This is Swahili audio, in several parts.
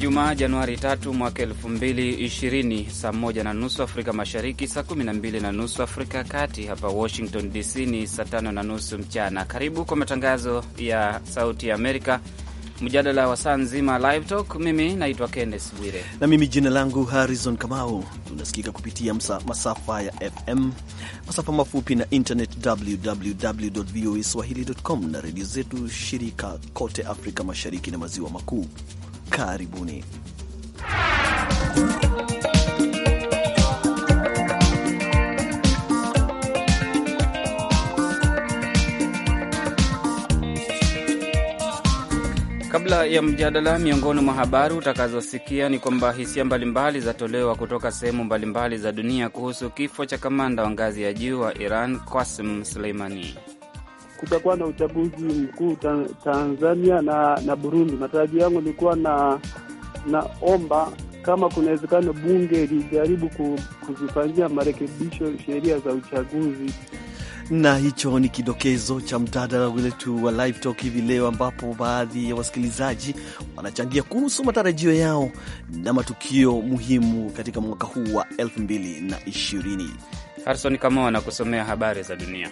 Ijumaa Januari 3 mwaka 2020, saa moja na nusu Afrika Mashariki, saa kumi na mbili na nusu Afrika ya Kati. Hapa Washington DC ni saa tano na nusu mchana. Karibu kwa matangazo ya Sauti ya Amerika, mjadala wa saa nzima Live Talk. Mimi naitwa Kennes Bwire na mimi jina langu Harrison Kamau. Tunasikika kupitia msa, masafa ya FM, masafa mafupi na internet, www voa swahili.com, na redio zetu shirika kote Afrika Mashariki na Maziwa Makuu. Karibuni. Kabla ya mjadala, miongoni mwa habari utakazosikia ni kwamba hisia mbalimbali zatolewa kutoka sehemu mbalimbali za dunia kuhusu kifo cha kamanda wa ngazi ya juu wa Iran Qasim Soleimani kutakuwa na uchaguzi mkuu ta, Tanzania na na Burundi. Matarajio yangu nilikuwa na naomba kama kunawezekana bunge lijaribu kuzifanyia marekebisho sheria za uchaguzi. Na hicho ni kidokezo cha mjadala wetu wa Live Talk hivi leo, ambapo baadhi ya wasikilizaji wanachangia kuhusu matarajio yao na matukio muhimu katika mwaka huu wa 2020. Harison Kamao anakusomea habari za dunia.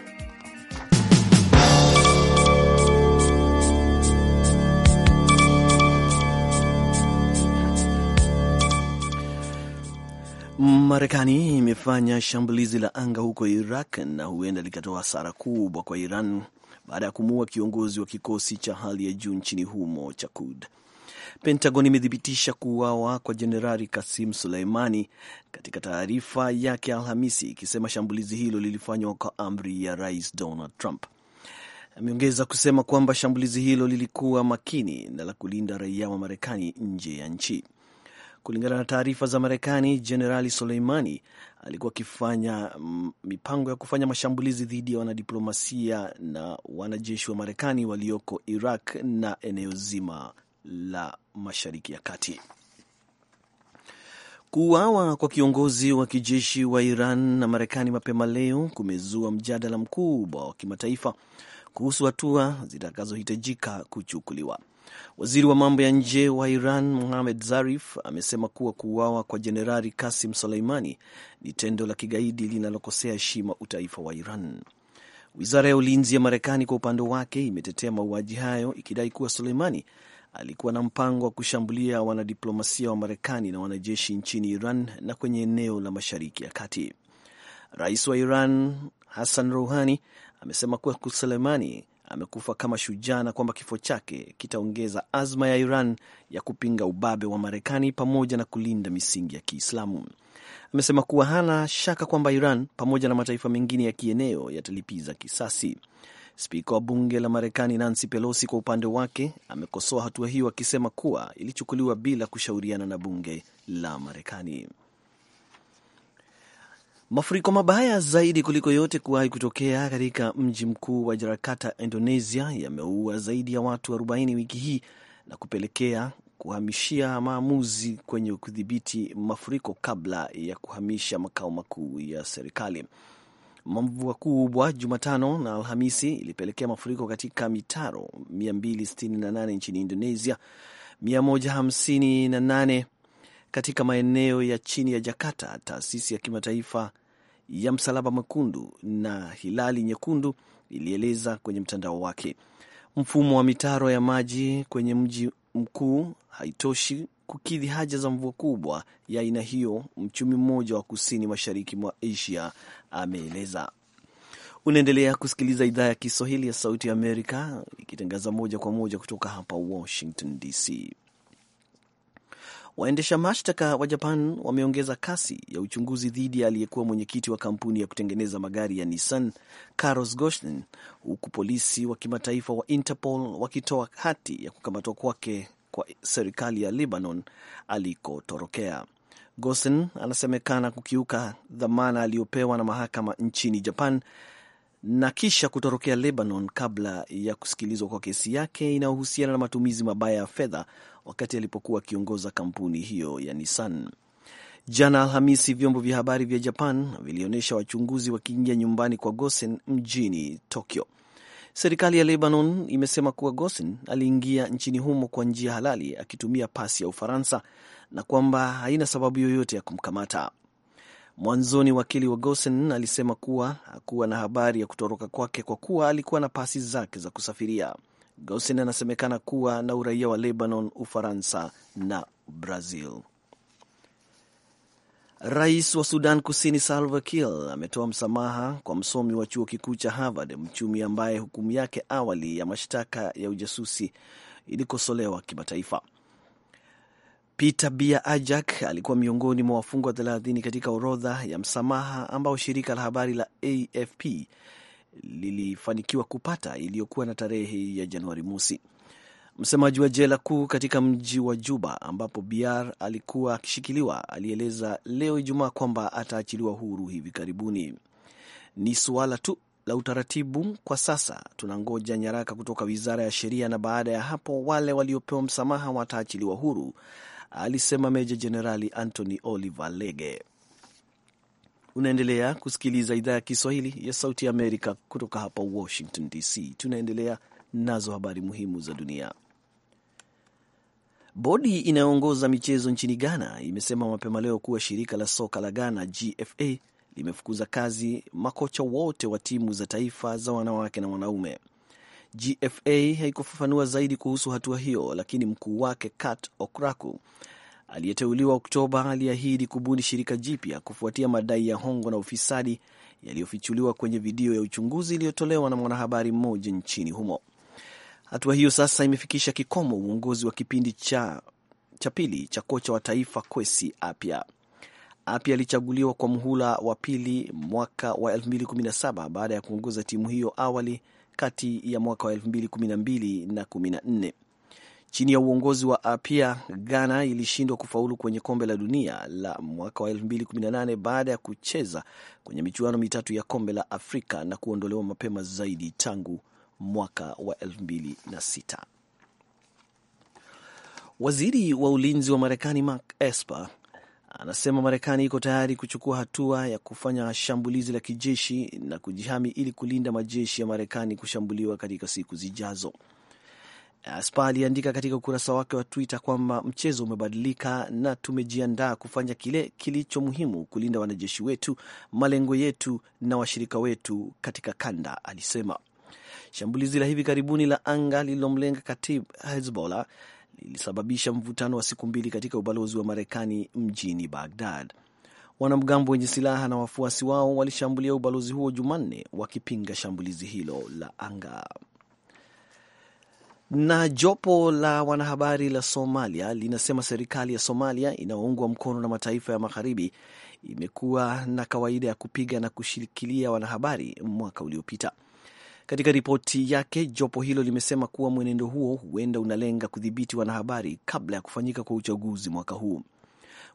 Marekani imefanya shambulizi la anga huko Iraq na huenda likatoa hasara kubwa kwa Iran baada ya kumuua kiongozi wa kikosi cha hali ya juu nchini humo cha Kud. Pentagon imethibitisha kuuawa kwa Jenerali Kasim Suleimani katika taarifa yake Alhamisi ikisema shambulizi hilo lilifanywa kwa amri ya Rais Donald Trump. Ameongeza kusema kwamba shambulizi hilo lilikuwa makini na la kulinda raia wa Marekani nje ya nchi. Kulingana na taarifa za Marekani, Jenerali Soleimani alikuwa akifanya mm, mipango ya kufanya mashambulizi dhidi ya wanadiplomasia na wanajeshi wa Marekani walioko Iraq na eneo zima la Mashariki ya Kati. Kuuawa kwa kiongozi wa kijeshi wa Iran na Marekani mapema leo kumezua mjadala mkubwa wa kimataifa kuhusu hatua zitakazohitajika kuchukuliwa. Waziri wa mambo ya nje wa Iran muhamed Zarif amesema kuwa kuuawa kwa Jenerali Kasim Soleimani ni tendo la kigaidi linalokosea heshima utaifa wa Iran. Wizara ya ulinzi ya Marekani kwa upande wake imetetea mauaji hayo ikidai kuwa Soleimani alikuwa na mpango wa kushambulia wanadiplomasia wa Marekani na wanajeshi nchini Iran na kwenye eneo la Mashariki ya Kati. Rais wa Iran Hassan Rouhani amesema kuwa suleimani amekufa kama shujaa na kwamba kifo chake kitaongeza azma ya Iran ya kupinga ubabe wa Marekani pamoja na kulinda misingi ya Kiislamu. Amesema kuwa hana shaka kwamba Iran pamoja na mataifa mengine ya kieneo yatalipiza kisasi. Spika wa bunge la Marekani Nancy Pelosi kwa upande wake amekosoa hatua hiyo akisema kuwa ilichukuliwa bila kushauriana na bunge la Marekani. Mafuriko mabaya zaidi kuliko yote kuwahi kutokea katika mji mkuu wa Jakarta, Indonesia, yameua zaidi ya watu 40 wiki hii na kupelekea kuhamishia maamuzi kwenye kudhibiti mafuriko kabla ya kuhamisha makao makuu ya serikali. Mvua kubwa Jumatano na Alhamisi ilipelekea mafuriko katika mitaro 268 nchini Indonesia, 158 katika maeneo ya chini ya Jakarta, taasisi ya kimataifa ya Msalaba Mwekundu na Hilali Nyekundu ilieleza kwenye mtandao wake. Mfumo wa mitaro ya maji kwenye mji mkuu haitoshi kukidhi haja za mvua kubwa ya aina hiyo, mchumi mmoja wa kusini mashariki mwa Asia ameeleza. Unaendelea kusikiliza idhaa ya Kiswahili ya Sauti ya Amerika ikitangaza moja kwa moja kutoka hapa Washington DC. Waendesha mashtaka wa Japan wameongeza kasi ya uchunguzi dhidi ya aliyekuwa mwenyekiti wa kampuni ya kutengeneza magari ya Nissan Carlos Ghosn, huku polisi wa kimataifa wa Interpol wakitoa hati ya kukamatwa kwake kwa serikali ya Lebanon alikotorokea. Ghosn anasemekana kukiuka dhamana aliyopewa na mahakama nchini Japan na kisha kutorokea Lebanon kabla ya kusikilizwa kwa kesi yake inayohusiana na matumizi mabaya ya fedha wakati alipokuwa akiongoza kampuni hiyo ya Nissan. Jana Alhamisi, vyombo vya habari vya Japan vilionyesha wachunguzi wakiingia nyumbani kwa Gosen mjini Tokyo. Serikali ya Lebanon imesema kuwa Gosen aliingia nchini humo kwa njia halali akitumia pasi ya Ufaransa na kwamba haina sababu yoyote ya kumkamata. Mwanzoni wakili wa Gosen alisema kuwa hakuwa na habari ya kutoroka kwake kwa kuwa alikuwa na pasi zake za kusafiria. Gosin anasemekana kuwa na uraia wa Lebanon, Ufaransa na Brazil. Rais wa Sudan Kusini Salva Kiir ametoa msamaha kwa msomi wa chuo kikuu cha Harvard, mchumi ambaye hukumu yake awali ya mashtaka ya ujasusi ilikosolewa kimataifa. Peter Bia Ajak alikuwa miongoni mwa wafungwa 30 katika orodha ya msamaha ambao shirika la habari la AFP lilifanikiwa kupata iliyokuwa na tarehe ya Januari mosi. Msemaji wa jela kuu katika mji wa Juba ambapo br alikuwa akishikiliwa alieleza leo Ijumaa kwamba ataachiliwa huru hivi karibuni. Ni suala tu la utaratibu kwa sasa, tunangoja nyaraka kutoka wizara ya sheria na baada ya hapo wale waliopewa msamaha wataachiliwa huru, alisema Meja Jenerali Anthony Oliver Lege. Unaendelea kusikiliza idhaa ya Kiswahili ya Sauti ya Amerika kutoka hapa Washington DC. Tunaendelea nazo habari muhimu za dunia. Bodi inayoongoza michezo nchini Ghana imesema mapema leo kuwa shirika la soka la Ghana GFA limefukuza kazi makocha wote wa timu za taifa za wanawake na wanaume. GFA haikufafanua zaidi kuhusu hatua hiyo, lakini mkuu wake Kat Okraku aliyeteuliwa Oktoba aliahidi kubuni shirika jipya kufuatia madai ya hongo na ufisadi yaliyofichuliwa kwenye video ya uchunguzi iliyotolewa na mwanahabari mmoja nchini humo. Hatua hiyo sasa imefikisha kikomo uongozi wa kipindi cha, cha pili cha kocha wa taifa Kwesi Apya. Apya alichaguliwa kwa mhula wa pili mwaka wa 2017 baada ya kuongoza timu hiyo awali kati ya mwaka wa 2012 na 14. Chini ya uongozi wa Apia, Ghana ilishindwa kufaulu kwenye kombe la dunia la mwaka wa 2018 baada ya kucheza kwenye michuano mitatu ya kombe la Afrika na kuondolewa mapema zaidi tangu mwaka wa 2006. Waziri wa ulinzi wa Marekani Mark Esper anasema Marekani iko tayari kuchukua hatua ya kufanya shambulizi la kijeshi na kujihami ili kulinda majeshi ya Marekani kushambuliwa katika siku zijazo. Aspa uh, aliandika katika ukurasa wake wa Twitter kwamba mchezo umebadilika na tumejiandaa kufanya kile kilicho muhimu, kulinda wanajeshi wetu, malengo yetu na washirika wetu katika kanda, alisema. Shambulizi la hivi karibuni la anga lililomlenga Katib Hezbollah lilisababisha mvutano wa siku mbili katika ubalozi wa Marekani mjini Bagdad. Wanamgambo wenye silaha na wafuasi wao walishambulia ubalozi huo Jumanne wakipinga shambulizi hilo la anga. Na jopo la wanahabari la Somalia linasema serikali ya Somalia inayoungwa mkono na mataifa ya magharibi imekuwa na kawaida ya kupiga na kushikilia wanahabari mwaka uliopita. Katika ripoti yake, jopo hilo limesema kuwa mwenendo huo huenda unalenga kudhibiti wanahabari kabla ya kufanyika kwa uchaguzi mwaka huu.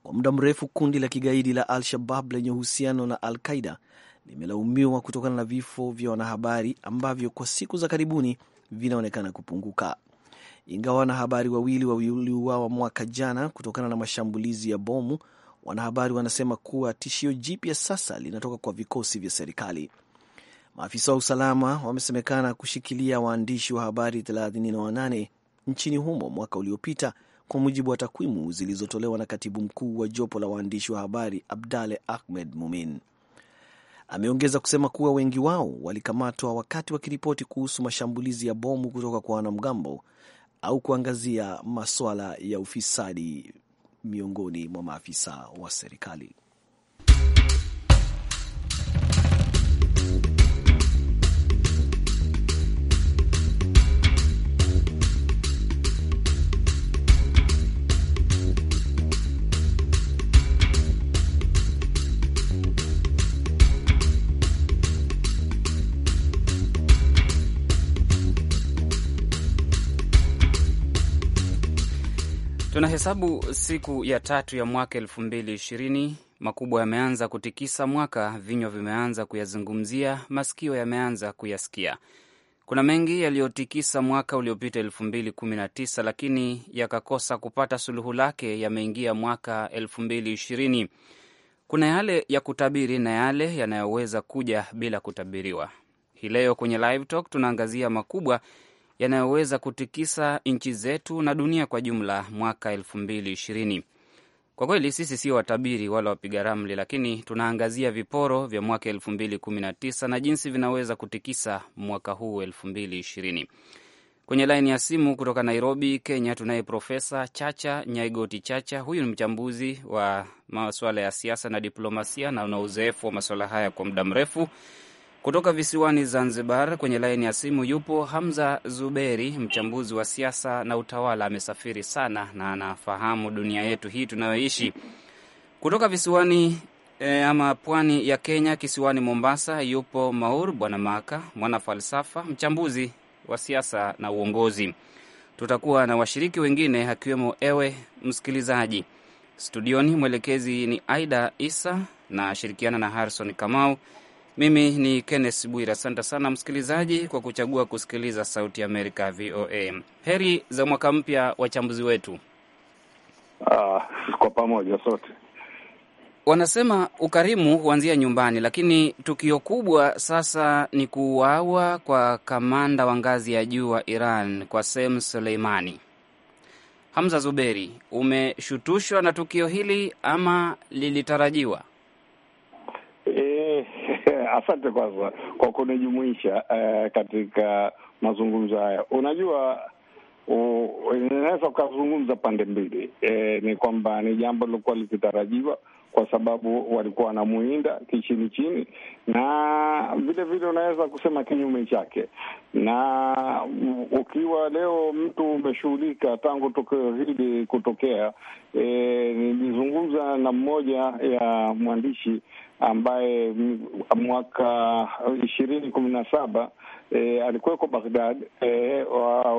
Kwa muda mrefu, kundi la kigaidi la Al-Shabab lenye uhusiano na Al-Qaida limelaumiwa kutokana na vifo vya wanahabari ambavyo kwa siku za karibuni vinaonekana kupunguka, ingawa wanahabari wawili waliuawa mwaka jana kutokana na mashambulizi ya bomu. Wanahabari wanasema kuwa tishio jipya sasa linatoka kwa vikosi vya serikali. Maafisa wa usalama wamesemekana kushikilia waandishi wa habari 38 nchini humo mwaka uliopita, kwa mujibu wa takwimu zilizotolewa na katibu mkuu wa jopo la waandishi wa habari Abdale Ahmed Mumin. Ameongeza kusema kuwa wengi wao walikamatwa wakati wakiripoti kuhusu mashambulizi ya bomu kutoka kwa wanamgambo au kuangazia maswala ya ufisadi miongoni mwa maafisa wa serikali. Tunahesabu siku ya tatu ya mwaka elfu mbili ishirini. Makubwa yameanza kutikisa mwaka, vinywa vimeanza kuyazungumzia, masikio yameanza kuyasikia. Kuna mengi yaliyotikisa mwaka uliopita elfu mbili kumi na tisa, lakini yakakosa kupata suluhu lake, yameingia mwaka elfu mbili ishirini. Kuna yale ya kutabiri na yale yanayoweza kuja bila kutabiriwa. Hii leo kwenye Live tunaangazia makubwa yanayoweza kutikisa nchi zetu na dunia kwa jumla mwaka elfu mbili ishirini. Kwa kweli sisi sio watabiri wala wapiga ramli, lakini tunaangazia viporo vya mwaka elfu mbili kumi na tisa na jinsi vinaweza kutikisa mwaka huu elfu mbili ishirini. Kwenye laini ya simu kutoka Nairobi, Kenya, tunaye Profesa Chacha Nyaigoti Chacha. Huyu ni mchambuzi wa masuala ya siasa na diplomasia na una uzoefu wa masuala haya kwa muda mrefu. Kutoka visiwani Zanzibar, kwenye laini ya simu yupo Hamza Zuberi, mchambuzi wa siasa na utawala. Amesafiri sana na anafahamu dunia yetu hii tunayoishi. Kutoka visiwani e, ama pwani ya Kenya, kisiwani Mombasa, yupo Maur Bwana Maka, mwana falsafa, mchambuzi wa siasa na uongozi. Tutakuwa na washiriki wengine akiwemo ewe msikilizaji. Studioni mwelekezi ni Aida Isa na shirikiana na Harrison Kamau. Mimi ni kennes Bwira. Asante sana msikilizaji kwa kuchagua kusikiliza Sauti ya Amerika VOA. Heri za mwaka mpya, wachambuzi wetu. Ah, kwa pamoja sote wanasema ukarimu huanzia nyumbani, lakini tukio kubwa sasa ni kuuawa kwa kamanda wa ngazi ya juu wa Iran Qasem Soleimani. Hamza Zuberi, umeshutushwa na tukio hili ama lilitarajiwa? asante kwanza kwa kunijumuisha eh, katika mazungumzo haya. Unajua, inaweza ukazungumza pande mbili eh, ni kwamba ni jambo lilokuwa likitarajiwa kwa sababu walikuwa wanamuinda kichini chini, na vile vile unaweza kusema kinyume chake. Na ukiwa leo mtu umeshughulika tangu tokeo hili kutokea, e, nilizungumza na mmoja ya mwandishi ambaye mwaka ishirini kumi na saba E, alikuweko Baghdad e,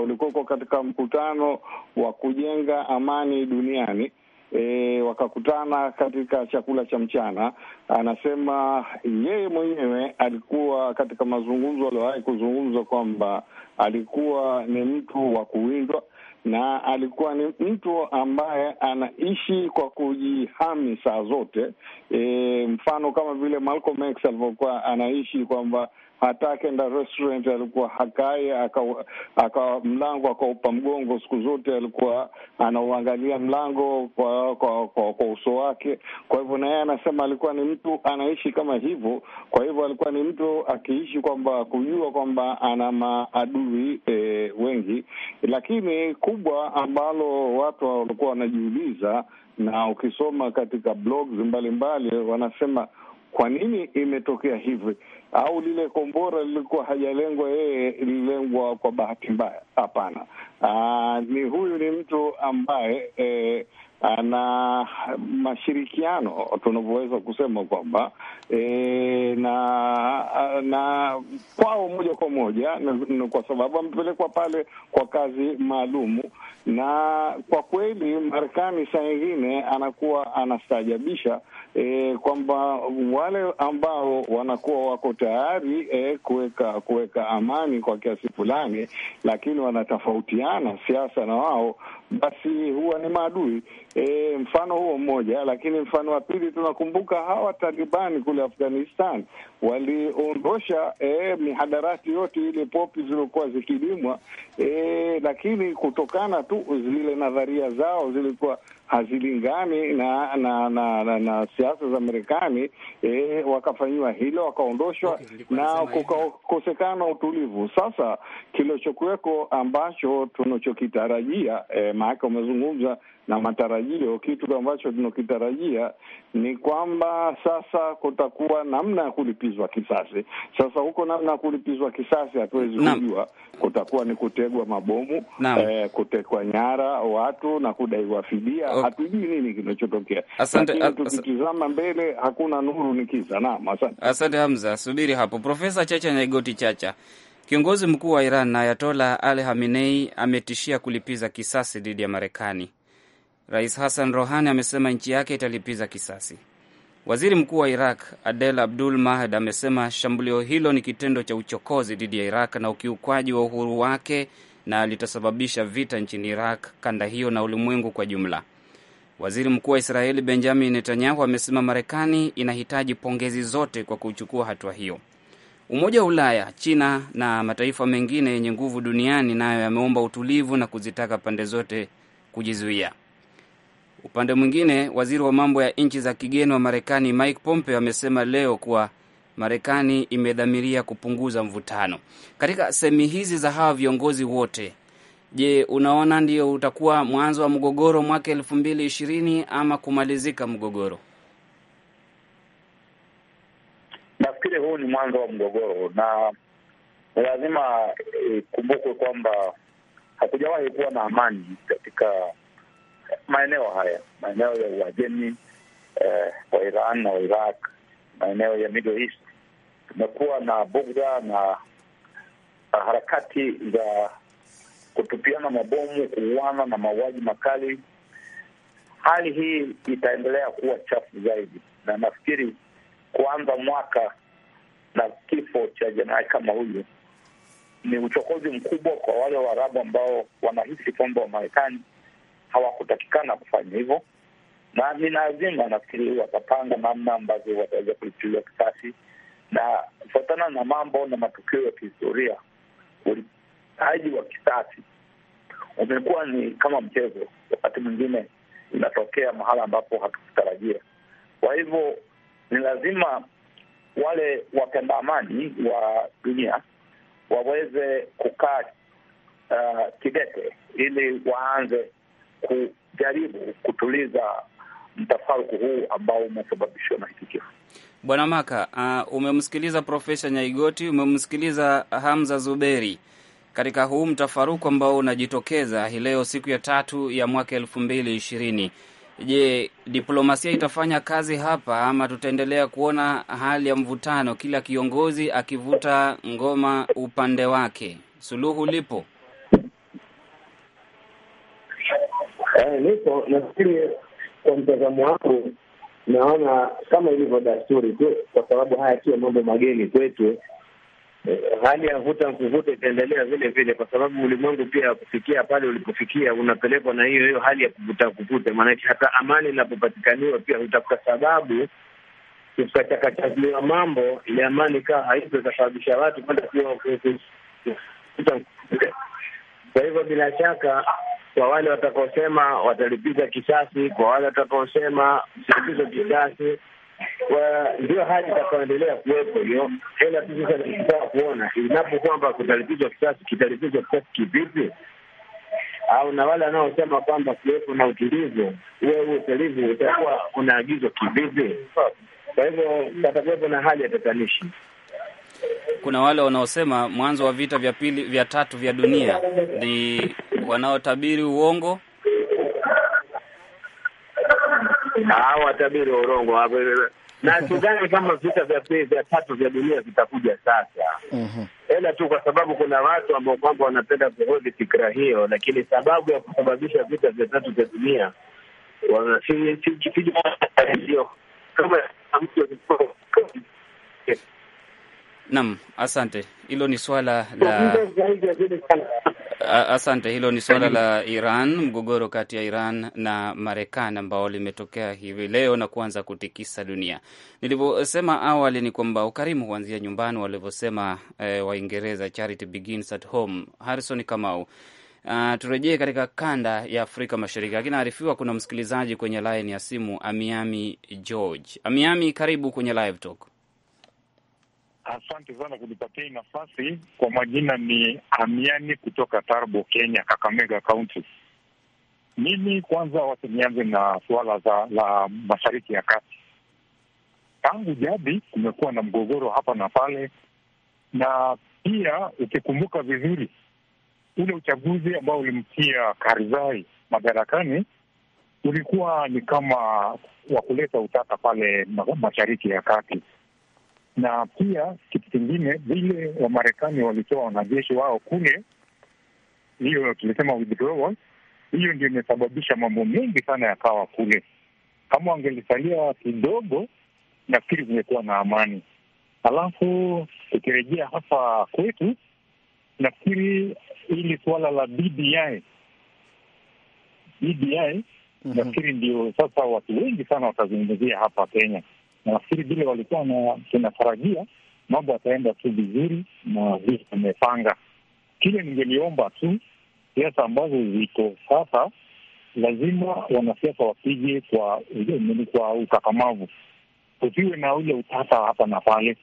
ulikuweko katika mkutano wa kujenga amani duniani e, wakakutana katika chakula cha mchana. Anasema yeye mwenyewe alikuwa katika mazungumzo, aliowahi kuzungumza kwamba alikuwa ni mtu wa kuwindwa na alikuwa ni mtu ambaye anaishi kwa kujihami saa zote. E, mfano kama vile Malcolm X alivyokuwa anaishi kwamba hata akaenda restaurant alikuwa hakai akawa aka mlango akaupa mgongo, siku zote alikuwa anauangalia mlango kwa kwa, kwa, kwa uso wake. Kwa hivyo naye anasema alikuwa ni mtu anaishi kama hivyo. Kwa hivyo alikuwa ni mtu akiishi kwamba kujua kwamba ana maadui e, wengi, lakini kubwa ambalo watu walikuwa wanajiuliza na ukisoma katika blogs mbalimbali mbali, wanasema kwa nini imetokea hivi? au lile kombora lilikuwa hajalengwa yeye, lililengwa kwa bahati mbaya? Hapana. Ah, ni huyu ni mtu ambaye eh, Ah, na mashirikiano tunavyoweza kusema kwamba e, na na kwao moja kwa moja na, na kwa sababu amepelekwa pale kwa kazi maalumu, na kwa kweli Marekani saa nyingine anakuwa anastaajabisha e, kwamba wale ambao wanakuwa wako tayari e, kuweka kuweka amani kwa kiasi fulani, lakini wanatofautiana siasa na wao basi huwa ni maadui e, mfano huo mmoja. Lakini mfano wa pili tunakumbuka hawa Talibani kule Afghanistan waliondosha e, mihadarati yote ile popi ziliokuwa zikilimwa e, lakini kutokana tu zile nadharia zao zilikuwa hazilingani na na, na, na, na siasa za Marekani eh, wakafanyiwa hilo wakaondoshwa okay, na kukosekana utulivu. Sasa kilichokuweko ambacho tunachokitarajia eh, maake umezungumza na matarajio. Kitu ambacho tunakitarajia ni kwamba sasa kutakuwa namna ya kulipizwa kisasi. Sasa huko namna ya kulipizwa kisasi hatuwezi kujua, kutakuwa ni kutegwa mabomu eh, kutekwa nyara watu na kudaiwa fidia okay. Hatujui nini kinachotokea, tukitizama mbele hakuna nuru, ni kiza. Naam, asante, asante Hamza. Subiri hapo, Profesa Chacha Nyaigoti Chacha. Kiongozi mkuu wa Iran Ayatola Al Hamenei ametishia kulipiza kisasi dhidi ya Marekani. Rais Hassan Rohani amesema nchi yake italipiza kisasi. Waziri mkuu wa Iraq Adel Abdul Mahd amesema shambulio hilo ni kitendo cha uchokozi dhidi ya Iraq na ukiukwaji wa uhuru wake na litasababisha vita nchini Iraq, kanda hiyo na ulimwengu kwa jumla. Waziri mkuu wa Israeli Benjamin Netanyahu amesema Marekani inahitaji pongezi zote kwa kuchukua hatua hiyo. Umoja wa Ulaya, China na mataifa mengine yenye nguvu duniani nayo yameomba utulivu na kuzitaka pande zote kujizuia. Upande mwingine, waziri wa mambo ya nchi za kigeni wa Marekani Mike Pompeo amesema leo kuwa Marekani imedhamiria kupunguza mvutano katika sehemi hizi za hawa viongozi wote. Je, unaona ndio utakuwa mwanzo wa mgogoro mwaka elfu mbili ishirini ama kumalizika mgogoro? Nafikiri huu ni mwanzo wa mgogoro, na lazima ikumbukwe kwamba hakujawahi kuwa na amani katika maeneo haya, maeneo ya Uajemi, eh, wa Iran na Wairaq, maeneo ya Middle East, tumekuwa na bugdha na harakati za kutupiana mabomu, kuuana na mauaji makali. Hali hii itaendelea kuwa chafu zaidi, na nafikiri kuanza mwaka na kifo cha jenerali kama huyu ni uchokozi mkubwa kwa wale Waarabu ambao wanahisi kwamba Wamarekani hawakutakikana kufanya hivyo, na ni lazima nafikiri watapanga namna ambazo wataweza kulipilia kisasi, na kufuatana na mambo na matukio ya kihistoria, ulipaji wa kisasi umekuwa ni kama mchezo, wakati mwingine inatokea mahala ambapo hatukutarajia. Kwa hivyo ni lazima wale wapenda amani wa dunia waweze kukaa uh, kidete ili waanze kujaribu kutuliza mtafaruku huu ambao umesababishwa na hiki kifo. Bwana Maka, uh, umemsikiliza Profesa Nyaigoti, umemsikiliza Hamza Zuberi katika huu mtafaruku ambao unajitokeza hii leo siku ya tatu ya mwaka elfu mbili ishirini. Je, diplomasia itafanya kazi hapa ama tutaendelea kuona hali ya mvutano, kila kiongozi akivuta ngoma upande wake? Suluhu lipo? Eh, niko nafikiri, kwa mtazamo wangu, naona kama ilivyo dasturi tu, kwa sababu haya sio mambo mageni kwetu. Eh, hali ya vuta mkuvuta itaendelea vile vile, kwa sababu ulimwengu pia kufikia pale ulipofikia unapelekwa na hiyo hiyo hali ya kuvuta kuvuta. Maanake hata amani inapopatikaniwa pia utafuta sababu tukachakachaziwa mambo ile amani kaa haipo, itasababisha watu kwenda kuvuta. Kwa hivyo bila shaka kwa wale watakaosema watalipiza kisasi, kwa wale watakaosema silipizo kisasi, ndio hali itakaoendelea kuwepo hiyo. Ila tu sasa tukitaka kuona inapo kwamba kutalipizwa kisasi, kitalipizwa kisasi kivipi? Au na wale wanaosema kwamba kuwepo na utulivu, huwe huo utulivu utakuwa unaagizwa kivipi? Kwa hivyo patakuwepo na hali ya tatanishi kuna wale wanaosema mwanzo wa vita vya pili vya tatu vya dunia ni wanaotabiri uongo. wa urongo sidhani kama vita vya pili vya tatu vya dunia vitakuja sasa, ila tu kwa sababu kuna watu ambao kwamba wanapenda kuhodhi fikira hiyo, lakini sababu ya kusababisha vita vya tatu vya dunia Naam, asante. Hilo ni swala la asante, hilo ni swala la Iran, mgogoro kati ya Iran na Marekani ambao limetokea hivi leo na kuanza kutikisa dunia. Nilivyosema awali ni kwamba ukarimu huanzia nyumbani, walivyosema eh, Waingereza, charity begins at home. Harrison Kamau, Uh, turejee katika kanda ya Afrika Mashariki, lakini naarifiwa kuna msikilizaji kwenye laini ya simu, Amiami George. Amiami, karibu kwenye Live Talk. Asante sana kunipatia hii nafasi. Kwa majina ni Amiani kutoka Tarbo, Kenya, Kakamega Kaunti. Mimi kwanza, wacha nianze na suala za la mashariki ya kati. Tangu jadi kumekuwa na mgogoro hapa na pale, na pia ukikumbuka vizuri ule uchaguzi ambao ulimtia Karzai madarakani ulikuwa ni kama wa kuleta utata pale mashariki ya kati na pia kitu kingine, vile Wamarekani walitoa wanajeshi wao kule, hiyo tulisema withdrawal, hiyo ndio imesababisha mambo mengi sana yakawa kule. Kama wangelisalia kidogo, nafikiri kungekuwa na amani. alafu tukirejea hapa kwetu, nafikiri hili suala la BBI BBI, mm -hmm. nafikiri ndio sasa watu wengi sana watazungumzia hapa Kenya na nafikiri vile walikuwa na tunatarajia mambo ataenda tu vizuri na vile amepanga. Kile ningeliomba tu, siasa ambazo ziko sasa, lazima wanasiasa wapige kwa kwa ukakamavu, usiwe na ule utata hapa na pale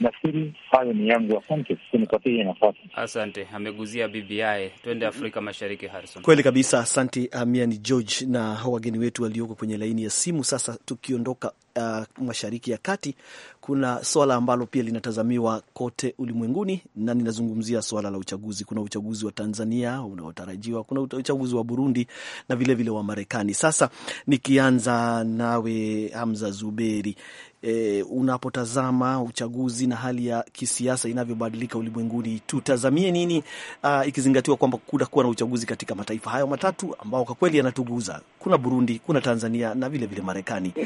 Nafikiri hayo ni yangu, asante kunipatia nafasi. Asante, ameguzia BBI. Twende Afrika Mashariki, Harrison. Kweli kabisa, asante Amiani George na wageni wetu walioko kwenye laini ya simu. Sasa tukiondoka uh, Mashariki ya Kati, kuna swala ambalo pia linatazamiwa kote ulimwenguni, na ninazungumzia swala la uchaguzi. Kuna uchaguzi wa Tanzania unaotarajiwa, kuna uchaguzi wa Burundi na vilevile vile wa Marekani. Sasa nikianza nawe Hamza Zuberi, E, unapotazama uchaguzi na hali ya kisiasa inavyobadilika ulimwenguni, tutazamie nini, uh, ikizingatiwa kwamba kutakuwa na uchaguzi katika mataifa hayo matatu ambao kwa kweli yanatuguza? Kuna Burundi, kuna Tanzania na vilevile Marekani.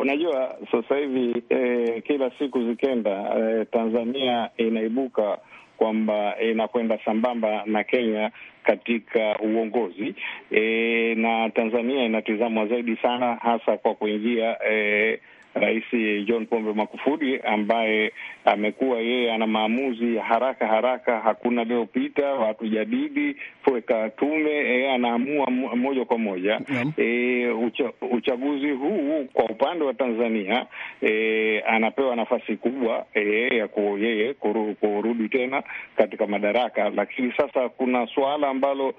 unajua sasa hivi eh, kila siku zikenda eh, Tanzania inaibuka kwamba inakwenda sambamba na Kenya katika uongozi eh, na Tanzania inatizamwa zaidi sana hasa kwa kuingia eh, Rais John Pombe Magufuli ambaye amekuwa yeye ana maamuzi haraka haraka, hakuna lilopita, hatujadili kuweka tume, yeye anaamua moja kwa moja E, ucha, uchaguzi huu kwa upande wa Tanzania e, anapewa nafasi kubwa e, ya ku, yeye kuru, kurudi tena katika madaraka, lakini sasa kuna suala ambalo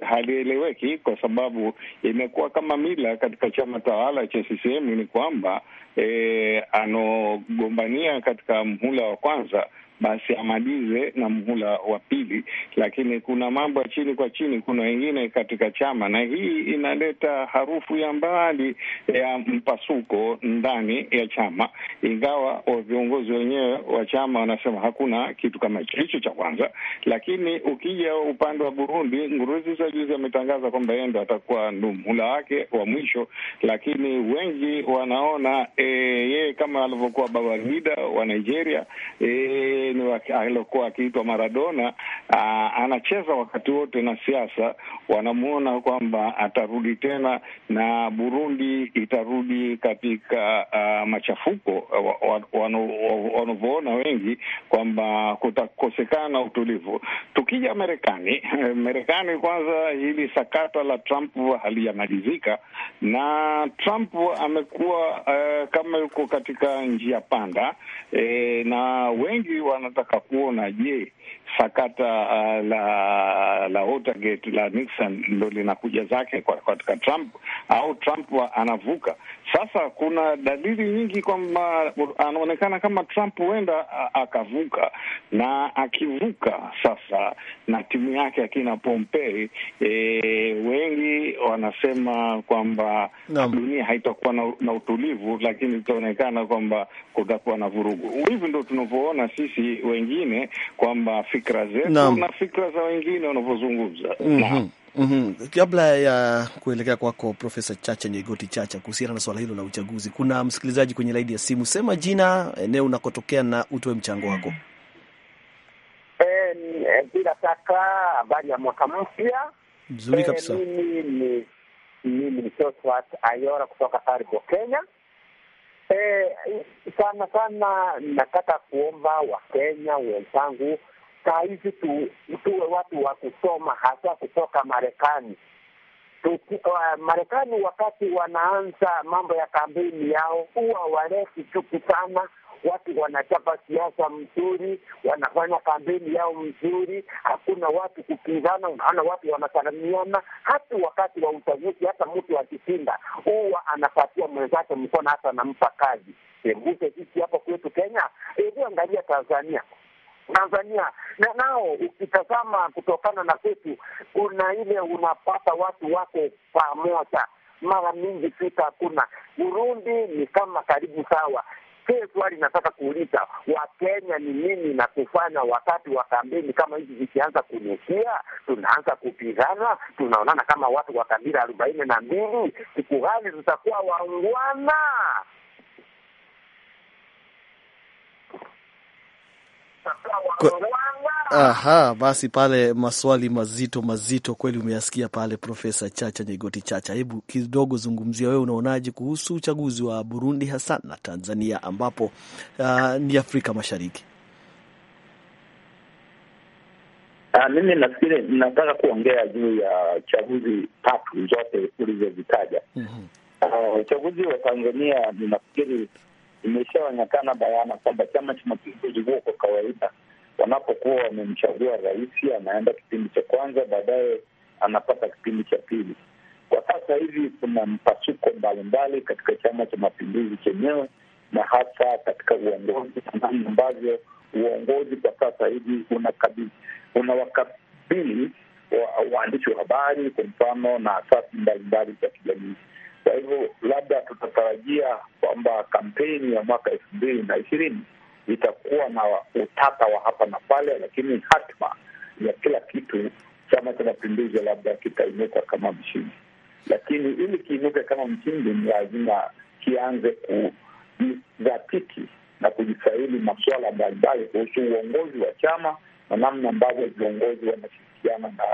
halieleweki kwa sababu imekuwa kama mila katika chama tawala cha CCM ni kwamba eh, anogombania katika mhula wa kwanza basi amalize na mhula wa pili, lakini kuna mambo ya chini kwa chini, kuna wengine katika chama, na hii inaleta harufu ya mbali ya mpasuko ndani ya chama, ingawa viongozi wenyewe wa chama wanasema hakuna kitu kama hicho. Hicho cha kwanza, lakini ukija upande wa Burundi, Nkurunziza juzi ametangaza kwamba yeye ndo atakuwa ndo mhula wake wa mwisho, lakini wengi wanaona eh, yeye kama alivyokuwa Babangida wa Nigeria e, Ureno aliokuwa akiitwa Maradona anacheza wakati wote na siasa, wanamwona kwamba atarudi tena na Burundi itarudi katika uh, machafuko wanavyoona wengi kwamba kutakosekana utulivu. Tukija Marekani, Marekani kwanza, hili sakata la Trump halijamalizika na Trump amekuwa uh, kama yuko katika njia panda e, na wengi anataka kuona, je, sakata uh, la la Watergate la Nixon ndo linakuja zake katika Trump au Trump anavuka sasa. Kuna dalili nyingi kwamba anaonekana kama Trump huenda uh, akavuka, na akivuka sasa na timu yake akina Pompei e, wengi wanasema kwamba no. dunia haitakuwa na, na utulivu, lakini itaonekana kwamba kutakuwa na vurugu. Hivi ndo tunavyoona sisi wengine kwamba fikra zetu na fikra za wengine wanavyozungumza. mm-hmm. Mm -hmm. Kabla ya kuelekea kwako Profesa Chacha nyegoti Chacha, kuhusiana na swala hilo la uchaguzi, kuna msikilizaji kwenye laidi ya simu. Sema jina, eneo unakotokea na utoe mchango wako. Eh, eh, bila shaka, habari ya mwaka mpya mzuri eh, kabisa. Mimi ni Josephat Ayora kutoka Taribo, Kenya. Sana sana nataka kuomba Wakenya wenzangu saa hizi tu, tuwe watu wa kusoma hasa kutoka Marekani. Uh, Marekani wakati wanaanza mambo ya kampeni yao huwa warefu chuku sana. Watu wanachapa siasa mzuri, wanafanya kampeni yao mzuri, hakuna watu kupingana. Unaona watu wanasalimiana. Hata wakati wa uchaguzi, hata mtu akishinda huwa anapatia mwenzake mkono, hata anampa kazi. Sembuse sisi hapo kwetu Kenya. Hebu angalia Tanzania, Tanzania na nao ukitazama kutokana na kwetu, kuna ile unapata watu wako pamoja, mara mingi sita hakuna. Burundi ni kama karibu sawa. Kile swali nataka kuuliza Wakenya ni nini na kufanya wakati wa kampeni kama hizi zikianza kunukia, tunaanza kupigana, tunaonana kama watu wa kabila arobaini na mbili, siku hali tutakuwa waungwana. Aha, basi pale maswali mazito mazito kweli umeyasikia pale, Profesa Chacha Nyegoti Chacha. Hebu kidogo zungumzia wewe, unaonaje kuhusu uchaguzi wa Burundi hasa na Tanzania ambapo uh, ni Afrika Mashariki? Ah, mimi nafikiri nataka kuongea juu ya chaguzi tatu zote ulizozitaja. mm Uh, uchaguzi wa Tanzania ninafikiri imeshaonekana bayana kwamba Chama cha Mapinduzi huo kwa kawaida wanapokuwa wamemchagua rais, anaenda kipindi cha kwanza, baadaye anapata kipindi cha pili. Kwa sasa hivi kuna mpasuko mbalimbali katika Chama cha Mapinduzi chenyewe na hasa katika uongozi na namna ambavyo uongozi kwa sasa hivi unawakabili waandishi wa habari, kwa mfano, na asasi mbalimbali za kijamii. Kwa hivyo labda tutatarajia kwamba kampeni ya mwaka elfu mbili na ishirini itakuwa na utata wa hapa na pale, lakini hatima ya kila kitu Chama cha Mapinduzi labda kitainuka kama mshindi, lakini ili kiinuke kama mshindi ni lazima kianze kujizatiti na kujisaili masuala mbalimbali kuhusu uongozi wa chama na namna ambavyo viongozi wanashirikiana na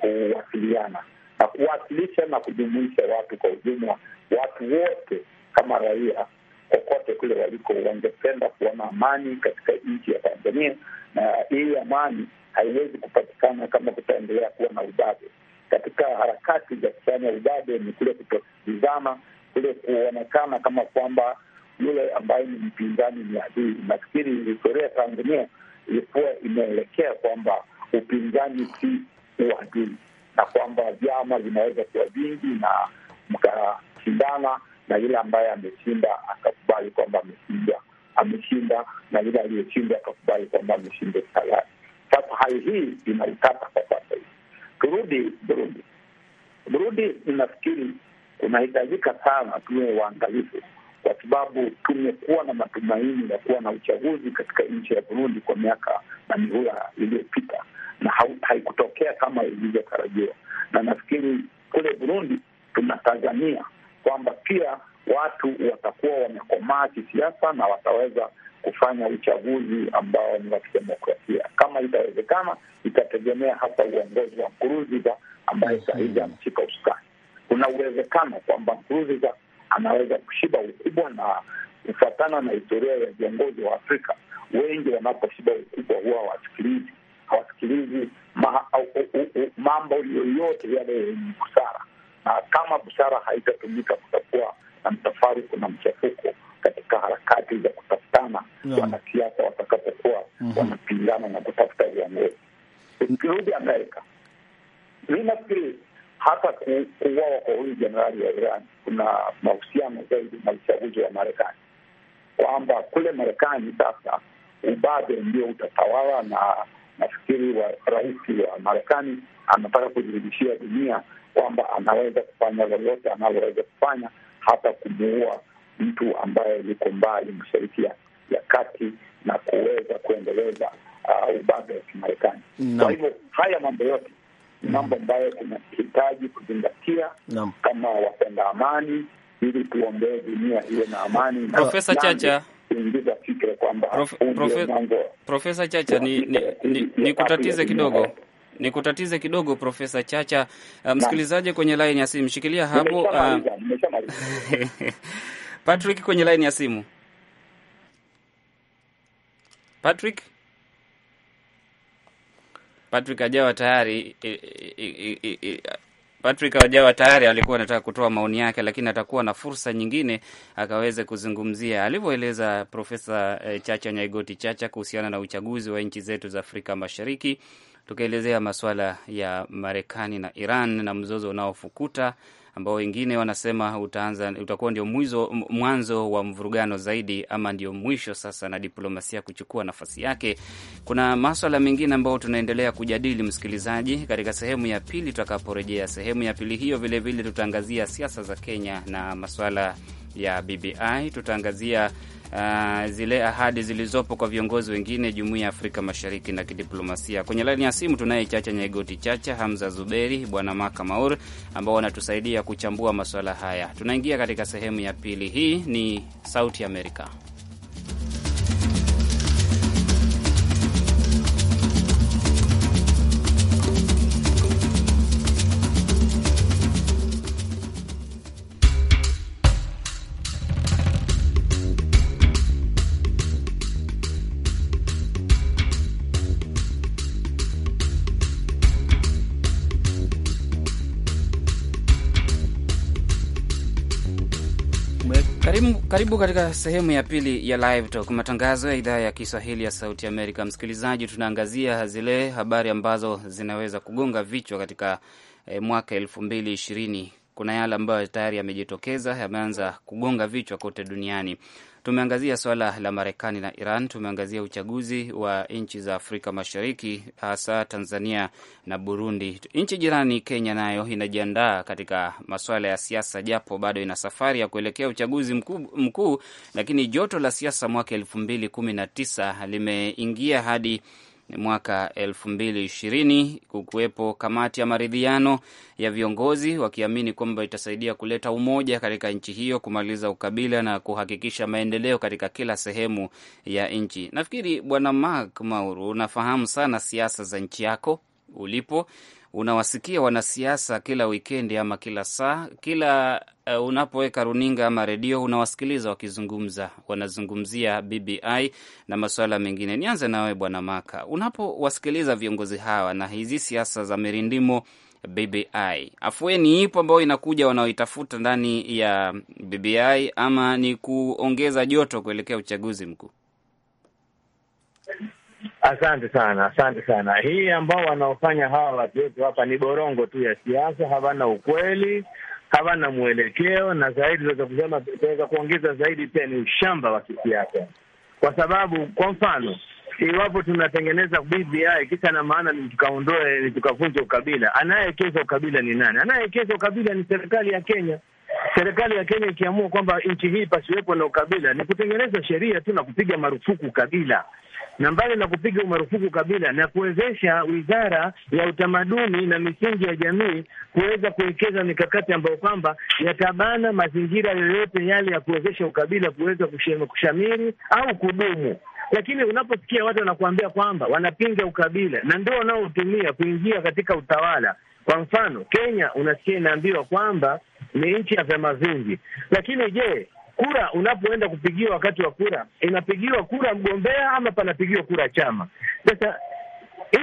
kuwasiliana na kuwasilisha na kujumuisha watu kwa ujumla, watu wote kama raia kokote kule waliko, wangependa kuona amani katika nchi ya Tanzania, na hii amani haiwezi kupatikana kama kutaendelea kuwa na ubabe. Katika harakati za kufanya ubabe ni kule kutotizama, kule kuonekana kama kwamba yule ambaye ni mpinzani ni adui. Nafikiri historia ya Tanzania ilikuwa imeelekea kwamba upinzani si uadui na kwamba vyama vinaweza kuwa vingi na mkashindana, na yule ambaye ameshinda akakubali kwamba ameshinda ameshinda, na yule aliyeshinda akakubali kwamba ameshinda. Tayari sasa hali hii inautata kwa sasa hivi. Turudi Burundi. Burundi, inafikiri kunahitajika sana tuwe waangalifu, kwa sababu tumekuwa na matumaini ya kuwa na uchaguzi katika nchi ya Burundi kwa miaka na mihula iliyopita na haikutokea kama ilivyotarajiwa, na nafikiri kule Burundi tunatazamia kwamba pia watu watakuwa wamekomaa kisiasa na wataweza kufanya uchaguzi ambao ni wa kidemokrasia. Kama itawezekana, itategemea hasa uongozi wa Nkurunziza ambaye sahizi ameshika usukani. Kuna uwezekano kwamba Nkurunziza anaweza kushiba ukubwa, na kufuatana na historia ya viongozi wa Afrika wengi wanaposhiba ukubwa huwa wasikilizi hawasikilizi mambo yoyote yale yenye busara, na kama busara haitatumika, kutakuwa na mtafaruku na mchafuko katika harakati za kutafutana wanasiasa watakapokuwa mhm. wanapingana na kutafuta viongozi. Ukirudi Amerika, mi nafikiri hata kuuawa kwa huyu jenerali wa Iran kuna mahusiano zaidi na uchaguzi wa Marekani, kwamba kule Marekani sasa ubabe ndio utatawala na nafikiri wa rais wa Marekani anataka kujirudishia dunia kwamba anaweza kufanya lolote analoweza kufanya, hata kumuua mtu ambaye yuko mbali mashariki ya kati na kuweza kuendeleza uh, ubabe wa Kimarekani. Kwa no. hivyo haya mambo yote ni mm. mambo ambayo tunahitaji kuzingatia kama wapenda amani, ili tuombee dunia iwe na amani. Profesa Chacha kuingiza fikra kwamba Profesa Chacha ni, ni, ni, ni kutatize kidogo ni kutatize kidogo Profesa Chacha. Uh, msikilizaji kwenye laini ya simu shikilia hapo uh, Patrick kwenye laini ya simu Patrick Patrick ajawa tayari i, i, i, i, Patrick Wajawa tayari alikuwa anataka kutoa maoni yake, lakini atakuwa na fursa nyingine akaweze kuzungumzia alivyoeleza Profesa eh, Chacha Nyaigoti Chacha kuhusiana na uchaguzi wa nchi zetu za Afrika Mashariki, tukaelezea masuala ya Marekani na Iran na mzozo unaofukuta ambao wengine wanasema utaanza, utakuwa ndio mwizo, mwanzo wa mvurugano zaidi, ama ndio mwisho sasa na diplomasia kuchukua nafasi yake. Kuna maswala mengine ambayo tunaendelea kujadili, msikilizaji, katika sehemu ya pili tutakaporejea. Sehemu ya pili hiyo vilevile tutaangazia siasa za Kenya na maswala ya BBI tutaangazia uh, zile ahadi zilizopo kwa viongozi wengine jumuiya ya Afrika Mashariki na kidiplomasia. Kwenye laini ya simu tunaye Chacha Nyegoti Chacha, Hamza Zuberi, Bwana Maka Maur, ambao wanatusaidia kuchambua masuala haya. Tunaingia katika sehemu ya pili. Hii ni Sauti Amerika. Karibu, katika sehemu ya pili ya Live Talk, matangazo ya idhaa ya Kiswahili ya Sauti Amerika. Msikilizaji, tunaangazia zile habari ambazo zinaweza kugonga vichwa katika eh, mwaka elfu mbili ishirini. Kuna yale ambayo tayari yamejitokeza, yameanza kugonga vichwa kote duniani. Tumeangazia swala la Marekani na Iran, tumeangazia uchaguzi wa nchi za Afrika Mashariki, hasa Tanzania na Burundi. Nchi jirani Kenya nayo inajiandaa katika masuala ya siasa, japo bado ina safari ya kuelekea uchaguzi mkuu, mkuu lakini joto la siasa mwaka elfu mbili kumi na tisa limeingia hadi ni mwaka elfu mbili ishirini kukuwepo kamati ya maridhiano ya viongozi wakiamini kwamba itasaidia kuleta umoja katika nchi hiyo, kumaliza ukabila na kuhakikisha maendeleo katika kila sehemu ya nchi. Nafikiri Bwana Mark Mauru, unafahamu sana siasa za nchi yako ulipo unawasikia wanasiasa kila wikendi ama kila saa, kila uh, unapoweka runinga ama redio unawasikiliza wakizungumza, wanazungumzia BBI na masuala mengine. Nianze nawe Bwana Maka, unapowasikiliza viongozi hawa na hizi siasa za mirindimo BBI, afueni ipo ambayo inakuja wanaoitafuta ndani ya BBI ama ni kuongeza joto kuelekea uchaguzi mkuu? Asante sana, asante sana. Hii ambao wanaofanya hawa watu wetu hapa ni borongo tu ya siasa, hawana ukweli, hawana mwelekeo, na zaidi naweza kusema, tunaweza kuongeza zaidi, pia ni ushamba wa kisiasa, kwa sababu kwa mfano iwapo tunatengeneza BBI kisa na maana ni tukaondoe ni tukavunja ukabila, anayekeza ukabila ni nani? Anayekeza ukabila ni serikali ya Kenya. Serikali ya Kenya ikiamua kwamba nchi hii pasiwepo na ukabila, ni kutengeneza sheria tu na kupiga marufuku ukabila na mbali na kupiga umarufuku kabila na kuwezesha wizara ya utamaduni na misingi ya jamii kuweza kuwekeza mikakati ambayo kwamba yatabana mazingira yoyote yale ya kuwezesha ukabila kuweza kushamiri au kudumu. Lakini unaposikia watu wanakuambia kwamba wanapinga ukabila na ndio wanaotumia kuingia katika utawala, kwa mfano Kenya, unasikia inaambiwa kwamba ni nchi ya vyama vingi, lakini je, kura unapoenda kupigiwa, wakati wa kura inapigiwa kura mgombea ama panapigiwa kura chama. Sasa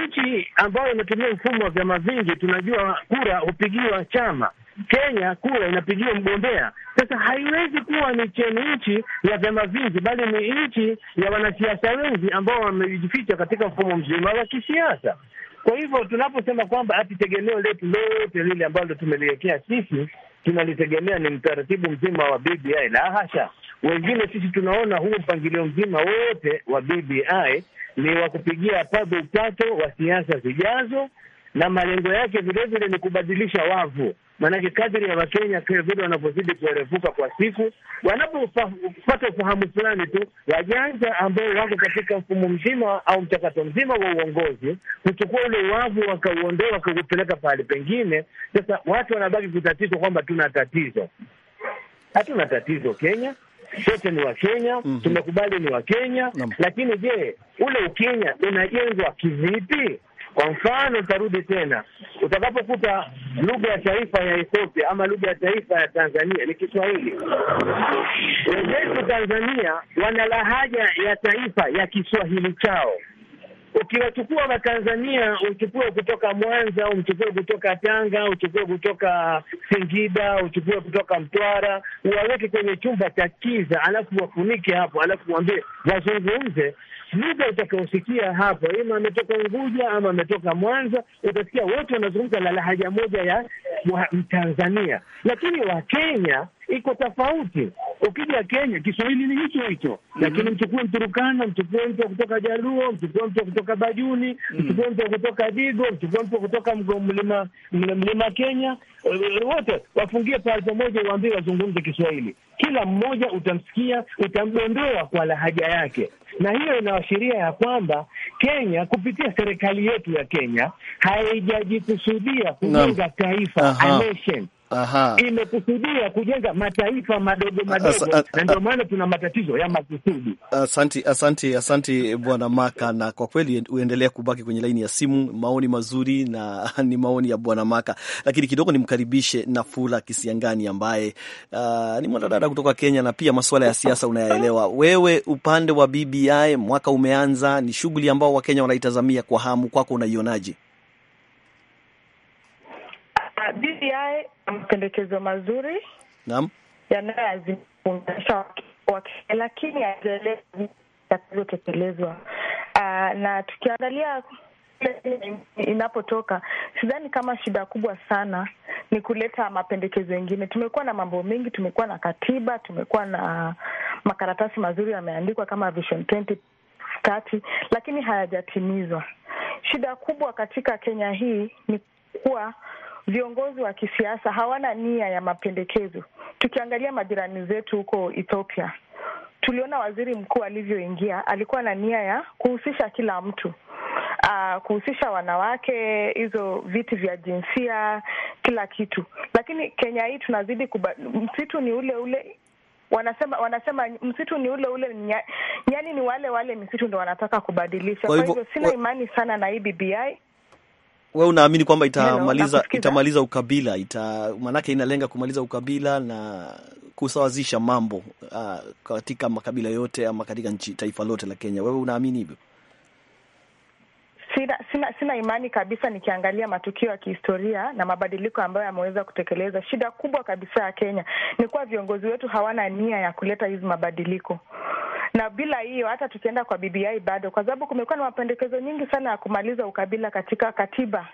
nchi ambayo inatumia mfumo wa vyama vingi, tunajua kura hupigiwa chama. Kenya kura inapigiwa mgombea. Sasa haiwezi kuwa ni cheni nchi ya vyama vingi, bali ni nchi ya wanasiasa wengi ambao wamejificha katika mfumo mzima wa kisiasa. Kwa hivyo tunaposema kwamba ati tegemeo letu lote lile ambalo tumeliwekea sisi tunalitegemea ni mtaratibu mzima wa BBI la hasha. Wengine sisi tunaona huu mpangilio mzima wote wa BBI ni wa kupigia pado upato wa siasa zijazo, na malengo yake vilevile ni kubadilisha wavu Maanake kadri ya Wakenya vile vile wanapozidi kuerevuka kwa siku, wanapopata ufahamu fulani tu, wajanja ambao wako katika mfumo mzima au mchakato mzima wa uongozi kuchukua ule wavu wakauondoa, wakaupeleka pahali pengine. Sasa watu wanabaki kutatizwa kwamba tuna tatizo, hatuna tatizo. Kenya sote ni Wakenya, mm -hmm. Tumekubali ni Wakenya, lakini je, ule ukenya unajengwa kivipi? Kwa mfano, utarudi tena, utakapokuta lugha ya taifa ya Ethiopia ama lugha ya taifa ya Tanzania ni Kiswahili, wenzetu Tanzania wana lahaja ya taifa ya Kiswahili chao. Ukiwachukua Watanzania, uchukue kutoka Mwanza, uchukue kutoka Tanga, uchukue kutoka Singida, uchukue kutoka Mtwara, uwaweke kwenye chumba cha kiza, alafu wafunike hapo, alafu waambie wazungumze lugha utakaosikia hapo, ima ametoka Unguja ama ametoka Mwanza, utasikia wote wanazungumza la lahaja moja ya Mtanzania, lakini Wakenya iko tofauti. Ukija Kenya Kiswahili ni hicho hicho, mhm. lakini mchukue Mturukana, mchukue mtu kutoka Jaluo, mchukue mtu kutoka Bajuni, mhm. mchukue mtu kutoka Digo, mchukue mtu kutoka mlima mlima Kenya, eh, wote wafungie pale pamoja, waambie wazungumze Kiswahili. Kila mmoja utamsikia, utamdondoa kwa lahaja yake, na hiyo inaashiria ya kwamba Kenya kupitia serikali yetu ya Kenya haijajikusudia kujenga taifa a nation imekusudia kujenga mataifa madogo madogo, na ndio maana tuna matatizo ya makusudi. Asanti, asanti, asanti Bwana Maka, na kwa kweli uendelea kubaki kwenye laini ya simu. Maoni mazuri na ni maoni ya Bwana Maka, lakini kidogo nimkaribishe Nafula Kisiangani ambaye uh, ni mwanadada kutoka Kenya na pia masuala ya siasa unayaelewa wewe. Upande wa BBI mwaka umeanza, ni shughuli ambao Wakenya wanaitazamia kwa hamu, kwako unaionaje? Ah, BBI mapendekezo mazuri naam, yanayoazimisha lakini yatakazotekelezwa ah, na tukiangalia inapotoka sidhani kama shida kubwa sana ni kuleta mapendekezo mengine. Tumekuwa na mambo mengi, tumekuwa na katiba, tumekuwa na makaratasi mazuri yameandikwa kama Vision 2030 lakini hayajatimizwa. Shida kubwa katika Kenya hii ni kuwa viongozi wa kisiasa hawana nia ya mapendekezo. Tukiangalia majirani zetu huko Ethiopia, tuliona waziri mkuu alivyoingia, alikuwa na nia ya kuhusisha kila mtu Uh, kuhusisha wanawake, hizo viti vya jinsia, kila kitu. Lakini Kenya hii tunazidi kuba, msitu ni ule ule, wanasema wanasema msitu ni ule ule, nyani ni wale wale, misitu ndo wanataka kubadilisha. Kwa hivyo sina imani sana na hii BBI wewe unaamini kwamba itamaliza itamaliza ukabila ita, maanake inalenga kumaliza ukabila na kusawazisha mambo uh, katika makabila yote ama katika nchi taifa lote la Kenya. Wewe unaamini hivyo? Sina, sina, sina imani kabisa. Nikiangalia matukio ya kihistoria na mabadiliko ambayo yameweza kutekeleza, shida kubwa kabisa ya Kenya ni kuwa viongozi wetu hawana nia ya kuleta hizi mabadiliko na bila hiyo hata tukienda kwa BBI bado, kwa sababu kumekuwa na mapendekezo nyingi sana ya kumaliza ukabila katika katiba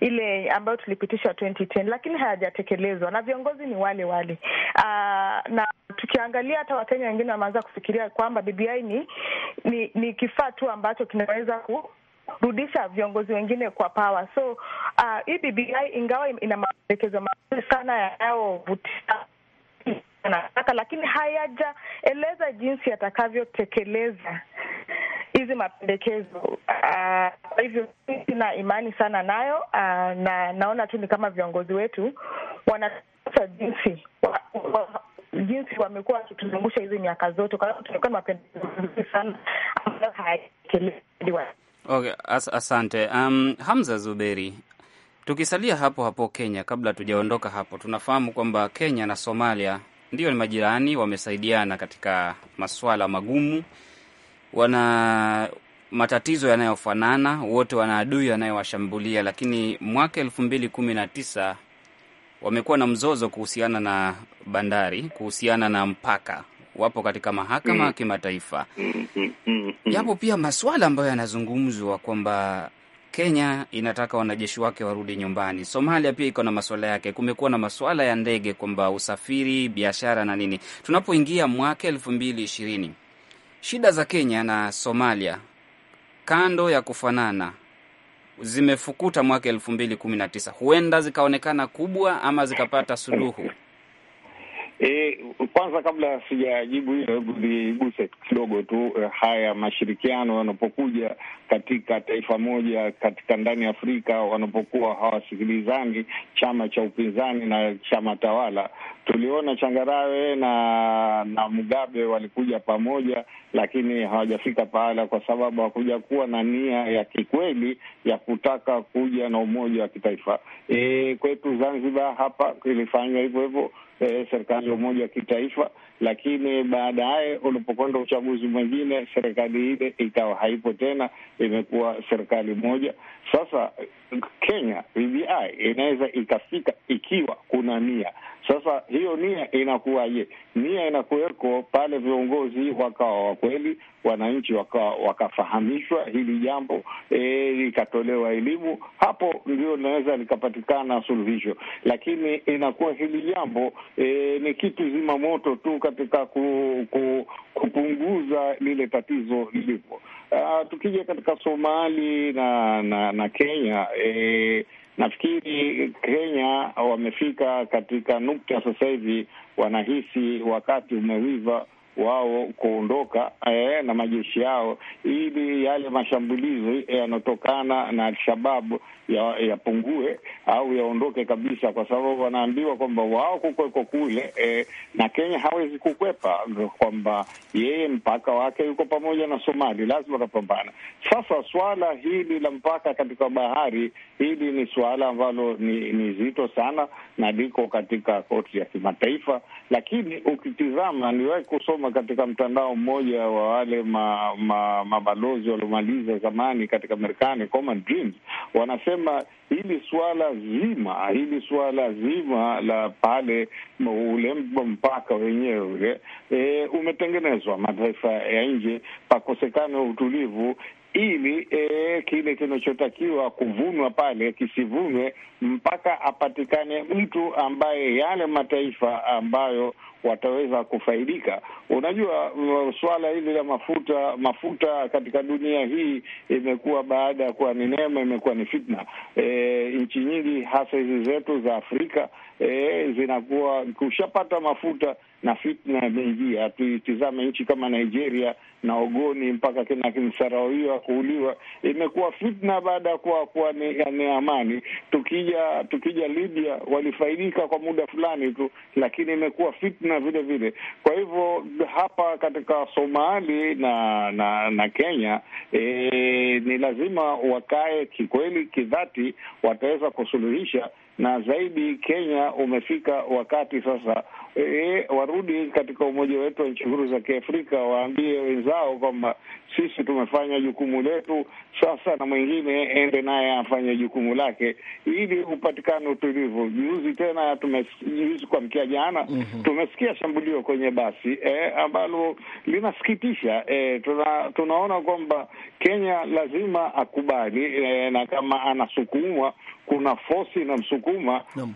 ile ambayo tulipitishwa 2010 lakini hayajatekelezwa na viongozi ni wale wale. Uh, na tukiangalia hata Wakenya wengine wameanza kufikiria kwamba BBI ni, ni, ni kifaa tu ambacho kinaweza ku rudisha viongozi wengine kwa power. So uh, hii BBI ingawa ina mapendekezo mazuri sana yanayovutia anataka, lakini hayajaeleza jinsi yatakavyotekeleza hizi mapendekezo. Ah, kwa hivyo sina imani sana nayo. Ah, na naona tu ni kama viongozi wetu wanatafuta jinsi wa, wa, jinsi wamekuwa wakituzungusha hizi miaka zote, kwa sababu tumekuwa na mapendekezo mazuri sana ambayo hayatekelezwa. Okay, as asante. Um, Hamza Zuberi, tukisalia hapo hapo Kenya, kabla tujaondoka hapo, tunafahamu kwamba Kenya na Somalia ndio ni majirani, wamesaidiana katika masuala magumu, wana matatizo yanayofanana, wote wana adui yanayowashambulia, lakini mwaka elfu mbili kumi na tisa wamekuwa na mzozo kuhusiana na bandari, kuhusiana na mpaka wapo katika mahakama ya mm. kimataifa, mm, mm, yapo pia maswala ambayo yanazungumzwa kwamba Kenya inataka wanajeshi wake warudi nyumbani. Somalia pia iko na masuala yake. Kumekuwa na masuala ya ndege, kwamba usafiri, biashara na nini. Tunapoingia mwaka elfu mbili ishirini, shida za Kenya na Somalia kando ya kufanana zimefukuta mwaka elfu mbili kumi na tisa. Huenda zikaonekana kubwa ama zikapata suluhu E, kwanza kabla sijajibu hilo, hebu liguse kidogo tu eh, haya mashirikiano wanapokuja katika taifa moja katika ndani ya Afrika, wanapokuwa hawasikilizani chama cha upinzani na chama tawala. Tuliona changarawe na na Mugabe walikuja pamoja lakini hawajafika pahala kwa sababu hakuja kuwa na nia ya kikweli ya kutaka kuja na umoja wa kitaifa. E, kwetu Zanzibar hapa ilifanywa hivyo hivyo. E, serikali ya umoja wa kitaifa lakini baadaye ulipokwenda uchaguzi mwingine, serikali ile ikawa haipo tena, imekuwa serikali moja. Sasa Kenya BBI inaweza ikafika ikiwa kuna nia. Sasa hiyo nia inakuwaje? Nia inakuweko pale viongozi wakawa wakweli, wananchi wakawa wakafahamishwa hili jambo e, likatolewa elimu, hapo ndio linaweza likapatikana suluhisho, lakini inakuwa hili jambo e, ni kitu zima moto tu katika ku, ku, kupunguza lile tatizo lilipo. Uh, tukija katika Somali na na, na Kenya eh, nafikiri Kenya wamefika katika nukta sasa hivi wanahisi wakati umewiva wao kuondoka eh, na majeshi yao ili yale mashambulizi eh, yanayotokana na Alshababu yapungue ya au yaondoke kabisa, kwa sababu wanaambiwa kwamba wao kukweko kule eh, na Kenya hawezi kukwepa kwamba yeye mpaka wake yuko pamoja na Somali, lazima atapambana. Sasa swala hili la mpaka katika bahari hili ni suala ambalo ni, ni zito sana na liko katika koti ya kimataifa, lakini ukitizama, niliwahi kusoma kama katika mtandao mmoja wa wale ma, ma, mabalozi waliomaliza zamani katika Marekani, Common Dreams, wanasema hili suala zima hili suala zima la pale ule mpaka wenyewe ule e, umetengenezwa mataifa ya nje pakosekana utulivu ili e, kile kinachotakiwa kuvunwa pale kisivunwe mpaka apatikane mtu ambaye yale mataifa ambayo wataweza kufaidika. Unajua, mm, suala hili la mafuta, mafuta katika dunia hii imekuwa baada ya kuwa ni neema, imekuwa ni fitna. E, nchi nyingi hasa hizi zetu za Afrika e, zinakuwa kushapata mafuta na fitna imeingia. Tuitizame nchi kama Nigeria na Ogoni mpaka kina Kimsarawiwa kuuliwa, imekuwa fitna baada ya kuwa kuwa ni, ni amani. Tukija tukija Libya walifaidika kwa muda fulani tu, lakini imekuwa fitna na vile vile. Kwa hivyo hapa katika Somali na na, na Kenya e, ni lazima wakae kikweli kidhati, wataweza kusuluhisha na zaidi Kenya umefika wakati sasa e, warudi katika umoja wetu wa nchi huru za Kiafrika, waambie wenzao kwamba sisi tumefanya jukumu letu, sasa na mwingine ende naye afanye jukumu lake, ili upatikane utulivu. Juzi tena tumejuzi kwa mkia jana mm -hmm. tumesikia shambulio kwenye basi e, ambalo linasikitisha e, tuna, tunaona kwamba Kenya lazima akubali e, na kama anasukumwa kuna fosi inamsukuma no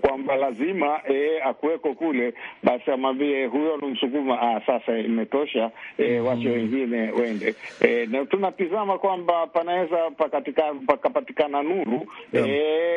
kwamba lazima e, akuweko kule, basi amwambie huyo ni Msukuma. Ah, sasa imetosha e, wache wengine wende e, na tunatizama kwamba panaweza pakapatikana nuru yeah.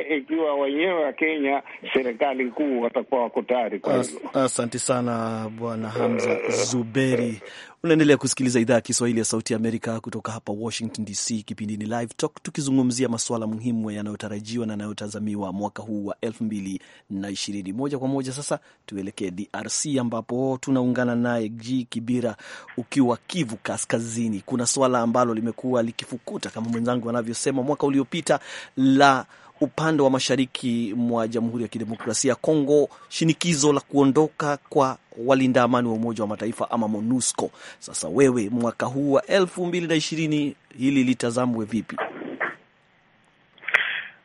E, ikiwa wenyewe wa Kenya serikali kuu watakuwa wako tayari. Kwa hiyo asante sana Bwana Hamza Zuberi Unaendelea kusikiliza idhaa ya Kiswahili ya Sauti ya Amerika kutoka hapa Washington DC. Kipindi ni Live Talk, tukizungumzia masuala muhimu yanayotarajiwa na yanayotazamiwa mwaka huu wa elfu mbili na ishirini moja kwa moja. Sasa tuelekee DRC ambapo tunaungana naye G Kibira ukiwa Kivu Kaskazini. Kuna swala ambalo limekuwa likifukuta kama mwenzangu anavyosema mwaka uliopita la upande wa mashariki mwa Jamhuri ya Kidemokrasia ya Kongo, shinikizo la kuondoka kwa walinda amani wa Umoja wa Mataifa ama MONUSCO. Sasa wewe, mwaka huu wa elfu mbili na ishirini hili litazamwe vipi?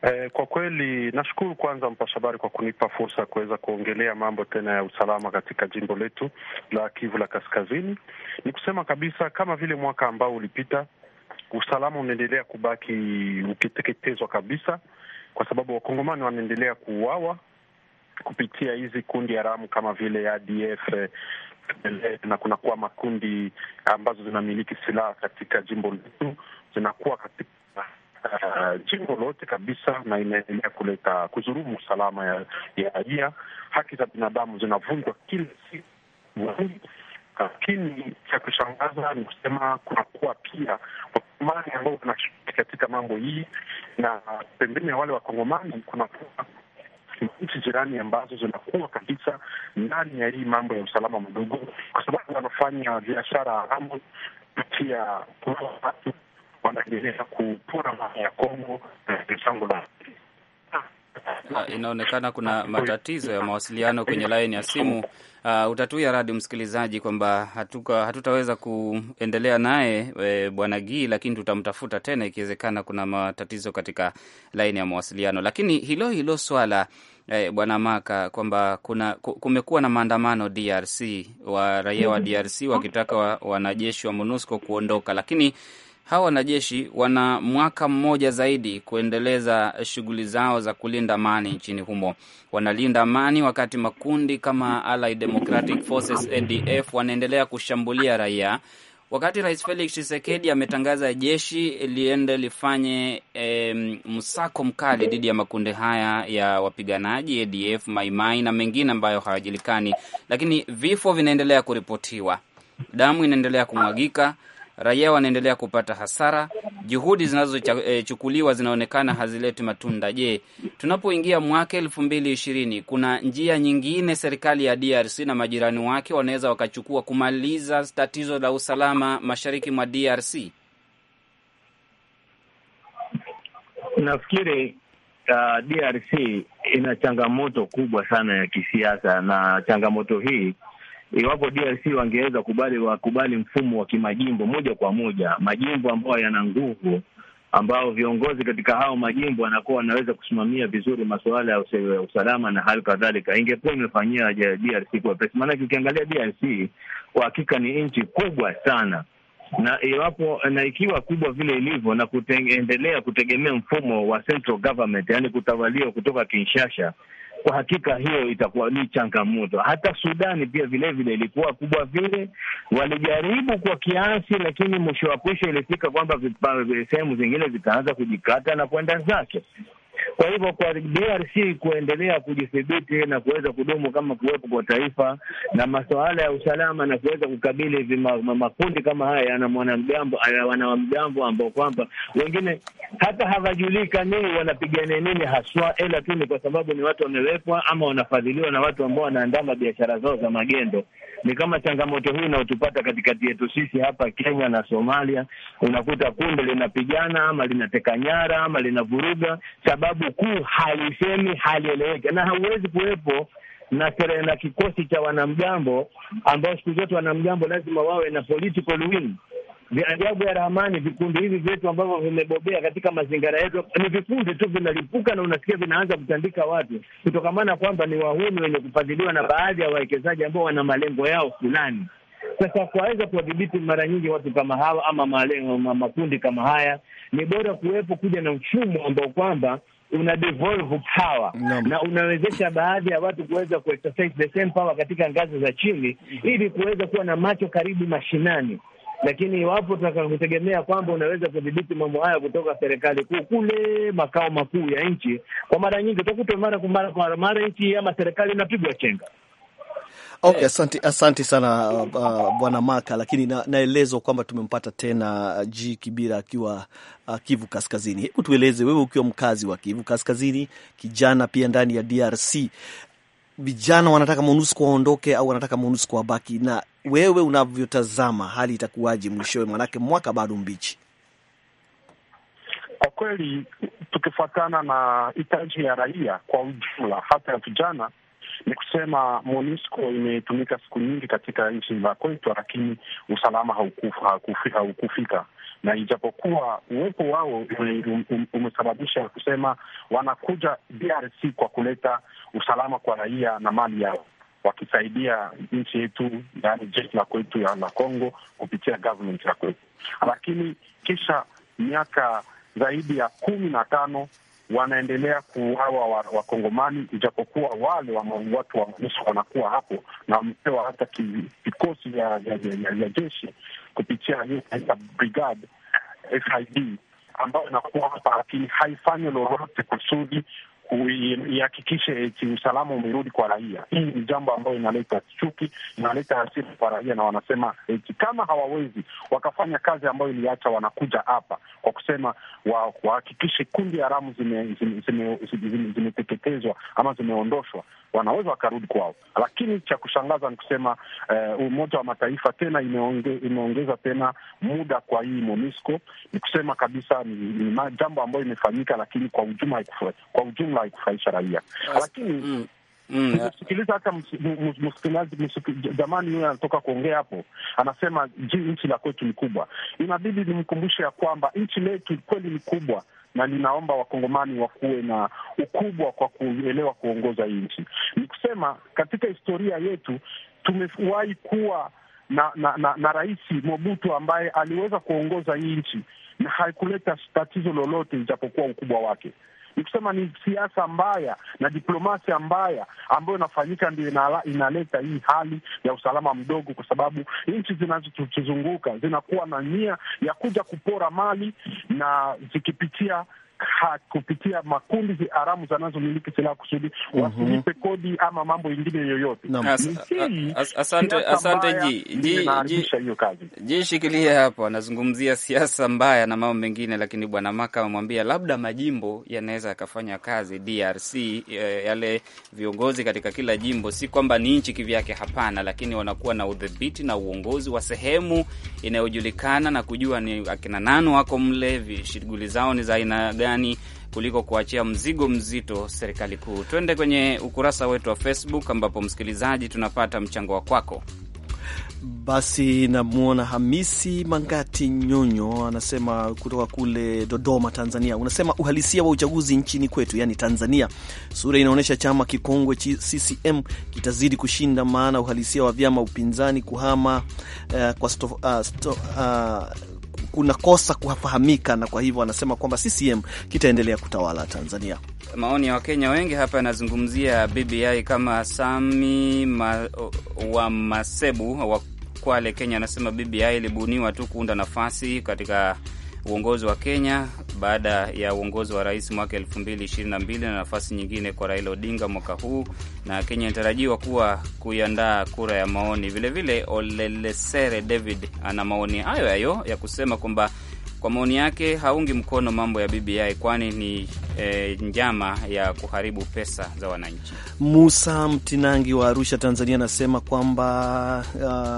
Eh, kwa kweli nashukuru kwanza Mpashabari kwa kunipa fursa ya kuweza kuongelea mambo tena ya usalama katika jimbo letu la Kivu la Kaskazini. Ni kusema kabisa kama vile mwaka ambao ulipita, usalama unaendelea kubaki ukiteketezwa kabisa kwa sababu wakongomani wanaendelea kuuawa kupitia hizi kundi haramu kama vile ADF eh, na kunakuwa makundi ambazo zinamiliki silaha katika jimbo letu, zinakuwa katika uh, jimbo lote kabisa, na inaendelea kuleta kuzurumu usalama ya raia. Haki za binadamu zinavunjwa kila siku lakini cha kushangaza ni kusema kunakuwa pia wakongomani ambao wanashiriki katika mambo hii, na pembeni ya wale wakongomani kunakuwa nchi jirani ambazo zinakuwa kabisa ndani ya hii mambo ya usalama mdogo, kwa sababu wanafanya biashara haramu kupitia watu wanaendelea kupora mali ya Kongo na mchango la Ah, inaonekana kuna matatizo ya mawasiliano kwenye laini ya simu. Uh, utatuia radi msikilizaji kwamba hatuka hatutaweza kuendelea naye e, bwana g lakini tutamtafuta tena ikiwezekana. Kuna matatizo katika laini ya mawasiliano, lakini hilo hilo swala eh, bwana Maka kwamba kuna kumekuwa na maandamano DRC wa raia wa DRC wakitaka wa, wanajeshi wa MONUSCO kuondoka, lakini hawa wanajeshi wana mwaka mmoja zaidi kuendeleza shughuli zao za kulinda amani nchini humo. Wanalinda amani wakati makundi kama Allied Democratic Forces ADF wanaendelea kushambulia raia, wakati Rais Felix Tshisekedi ametangaza jeshi liende lifanye e, msako mkali dhidi ya makundi haya ya wapiganaji ADF, Maimai na mengine ambayo hayajulikani, lakini vifo vinaendelea kuripotiwa, damu inaendelea kumwagika raia wanaendelea kupata hasara, juhudi zinazochukuliwa eh, zinaonekana hazileti matunda. Je, tunapoingia mwaka elfu mbili ishirini kuna njia nyingine serikali ya DRC na majirani wake wanaweza wakachukua kumaliza tatizo la usalama mashariki mwa DRC? Nafikiri uh, DRC ina changamoto kubwa sana ya kisiasa na changamoto hii iwapo DRC wangeweza kubali wakubali mfumo wa kimajimbo moja kwa moja, majimbo ambayo yana nguvu, ambao viongozi katika hao majimbo wanakuwa wanaweza kusimamia vizuri masuala ya usalama na hali kadhalika, ingekuwa imefanyia DRC kwa pesa. Maanake ukiangalia DRC kwa hakika ni nchi kubwa sana na iwapo na ikiwa kubwa vile ilivyo na kuendelea kutegemea mfumo wa central government, yani kutawaliwa kutoka Kinshasa, kwa hakika hiyo itakuwa ni changamoto. Hata Sudani pia vilevile ilikuwa kubwa vile, walijaribu kwa kiasi, lakini mwisho wa kwisho ilifika kwamba sehemu zingine zikaanza kujikata na kwenda zake. Kwa hivyo kwa DRC kuendelea kujithibiti na kuweza kudumu kama kuwepo kwa taifa na masuala ya usalama na kuweza kukabili vima, makundi kama haya na mwanamgambo wanamgambo ambao kwamba wengine hata nini wanapigania nini haswa, ila eh, tu ni kwa sababu ni watu wamewekwa ama wanafadhiliwa na watu ambao wanaandama biashara zao za magendo ni kama changamoto hii inayotupata katikati yetu sisi hapa Kenya na Somalia. Unakuta kundi linapigana ama linateka nyara ama linavuruga, sababu kuu halisemi, halieleweki na hauwezi kuwepo na sere na kikosi cha wanamgambo ambao siku zote wanamgambo lazima wawe na political will Ajabu ya Rahmani, vikundi hivi vyetu ambavyo vimebobea katika mazingira yetu ni vikundi tu vinalipuka, na unasikia vinaanza kutandika watu kutokamana kwamba ni wahuni wenye kufadhiliwa na baadhi ya wawekezaji ambao wana malengo yao fulani. Sasa kuwaweza kuwadhibiti mara nyingi watu kama hawa ama malengo, makundi kama haya, ni bora kuwepo kuja na mfumo ambao kwamba una devolve power no. na unawezesha baadhi ya watu kuweza kuexercise the same power katika ngazi za chini, ili kuweza kuwa na macho karibu mashinani, lakini iwapo tutaka kwamba unaweza kudhibiti mambo haya kutoka serikali kuu kule makao makuu ya nchi, kwa mara nyingi utakuta mara kwa mara mara nchi ama serikali inapigwa chenga. Okay, asante, asante sana uh, uh Bwana Maka, lakini na, naelezwa kwamba tumempata tena uh, G Kibira akiwa uh, Kivu Kaskazini. Hebu tueleze wewe, ukiwa mkazi wa Kivu Kaskazini, kijana pia ndani ya DRC, vijana wanataka MONUSCO waondoke au wanataka MONUSCO wabaki, na wewe unavyotazama hali itakuwaje mwishowe? mwanake mwaka bado mbichi. Kwa kweli, tukifuatana na hitaji ya raia kwa ujumla, hata ya vijana ni kusema MONUSCO imetumika siku nyingi katika nchi za kwetu, lakini usalama haukufika na ijapokuwa uwepo wao um, um, umesababisha um, kusema wanakuja DRC kwa kuleta usalama kwa raia na mali yao wakisaidia nchi yetu, yaani jeshi la kwetu ya la Congo kupitia government ya kwetu, lakini kisha miaka zaidi ya kumi na tano wanaendelea kuuawa Wakongomani, ijapokuwa wale wa watu wa MONUSCO wanakuwa hapo na wamepewa hata vikosi vya jeshi kupitia hiyo brigade FID ambayo inakuwa hapa, lakini haifanyi lolote kusudi ihakikishe kiusalama usalama umerudi kwa raia. Hii ni jambo ambayo inaleta chuki, inaleta hasira kwa raia, na wanasema eti kama hawawezi wakafanya kazi ambayo iliacha, wanakuja hapa kwa kusema wahakikishe kundi haramu zimeteketezwa ama zimeondoshwa, wanaweza wakarudi kwao. Lakini cha kushangaza ni kusema uh, Umoja wa Mataifa tena imeonge, imeongeza tena muda kwa hii MONUSCO. Ni kusema kabisa ni, ni jambo ambayo imefanyika, lakini kwa ujuma, kwa ujumla lazima haikufurahisha raia, lakini mm. mm, sikiliza hata jamani huyo anatoka kuongea hapo, anasema ji nchi la kwetu ni kubwa. Inabidi nimkumbushe ya kwamba nchi letu kweli ni kubwa, na ninaomba wakongomani wakuwe na ukubwa kwa kuelewa kuongoza hii nchi. Ni kusema katika historia yetu tumewahi kuwa na na, na, na rais Mobutu ambaye aliweza kuongoza hii nchi na haikuleta tatizo lolote, ijapokuwa ukubwa wake ni kusema ni siasa mbaya na diplomasia mbaya ambayo inafanyika, ndio inaleta hii hali ya usalama mdogo, kwa sababu nchi zinazotuzunguka zinakuwa na nia ya kuja kupora mali na zikipitia kupitia makundi haramu zanazomiliki silaha kusudi mhm. wasilipe kodi ama mambo ingine yoyote. Asante ji shikilia hapo, anazungumzia siasa mbaya na mambo mengine, lakini bwana Maka amemwambia labda majimbo yanaweza yakafanya kazi DRC, eh, yale viongozi katika kila jimbo, si kwamba ni nchi kivyake, hapana, lakini wanakuwa na udhibiti na uongozi wa sehemu inayojulikana na kujua ni akina nani wako mle, shughuli zao ni za aina gani gani kuliko kuachia mzigo mzito serikali kuu. Twende kwenye ukurasa wetu wa Facebook ambapo msikilizaji, tunapata mchango wa kwako. Basi namwona Hamisi Mangati Nyonyo anasema kutoka kule Dodoma, Tanzania. Unasema uhalisia wa uchaguzi nchini kwetu, yani Tanzania, sura inaonyesha chama kikongwe CCM kitazidi kushinda, maana uhalisia wa vyama upinzani kuhama uh, kwa sto, uh, sto, uh, kunakosa kufahamika, na kwa hivyo anasema kwamba CCM kitaendelea kutawala Tanzania. Maoni ya Wakenya wengi hapa yanazungumzia BBI kama Sami ma, wa Masebu wa Kwale, Kenya, anasema BBI ilibuniwa tu kuunda nafasi katika uongozi wa Kenya baada ya uongozi wa rais mwaka 2022 na nafasi nyingine kwa Raila Odinga mwaka huu, na Kenya inatarajiwa kuwa kuiandaa kura ya maoni vilevile. Olelesere David ana maoni hayo hayo ya kusema kwamba kwa maoni yake haungi mkono mambo ya BBI kwani ni e, njama ya kuharibu pesa za wananchi. Musa Mtinangi wa Arusha, Tanzania, anasema kwamba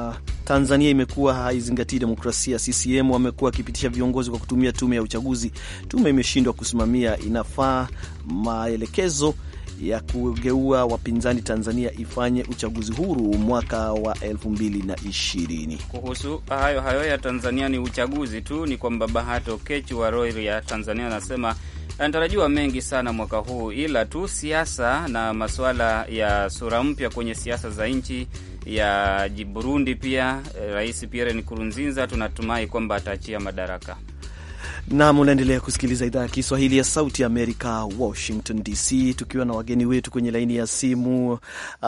uh, Tanzania imekuwa haizingatii demokrasia. CCM wamekuwa wakipitisha viongozi kwa kutumia tume ya uchaguzi. Tume imeshindwa kusimamia, inafaa maelekezo ya kugeua wapinzani Tanzania ifanye uchaguzi huru mwaka wa 2020. Kuhusu hayo hayo ya Tanzania ni uchaguzi tu, ni kwamba Bahato Kechu wa Royal ya Tanzania anasema anatarajiwa mengi sana mwaka huu, ila tu siasa na masuala ya sura mpya kwenye siasa za nchi ya Burundi. Pia eh, Rais Pierre Nkurunziza tunatumai kwamba ataachia madaraka. Nam, unaendelea kusikiliza idhaa ya Kiswahili ya Sauti ya Amerika, Washington DC, tukiwa na wageni wetu kwenye laini ya simu uh,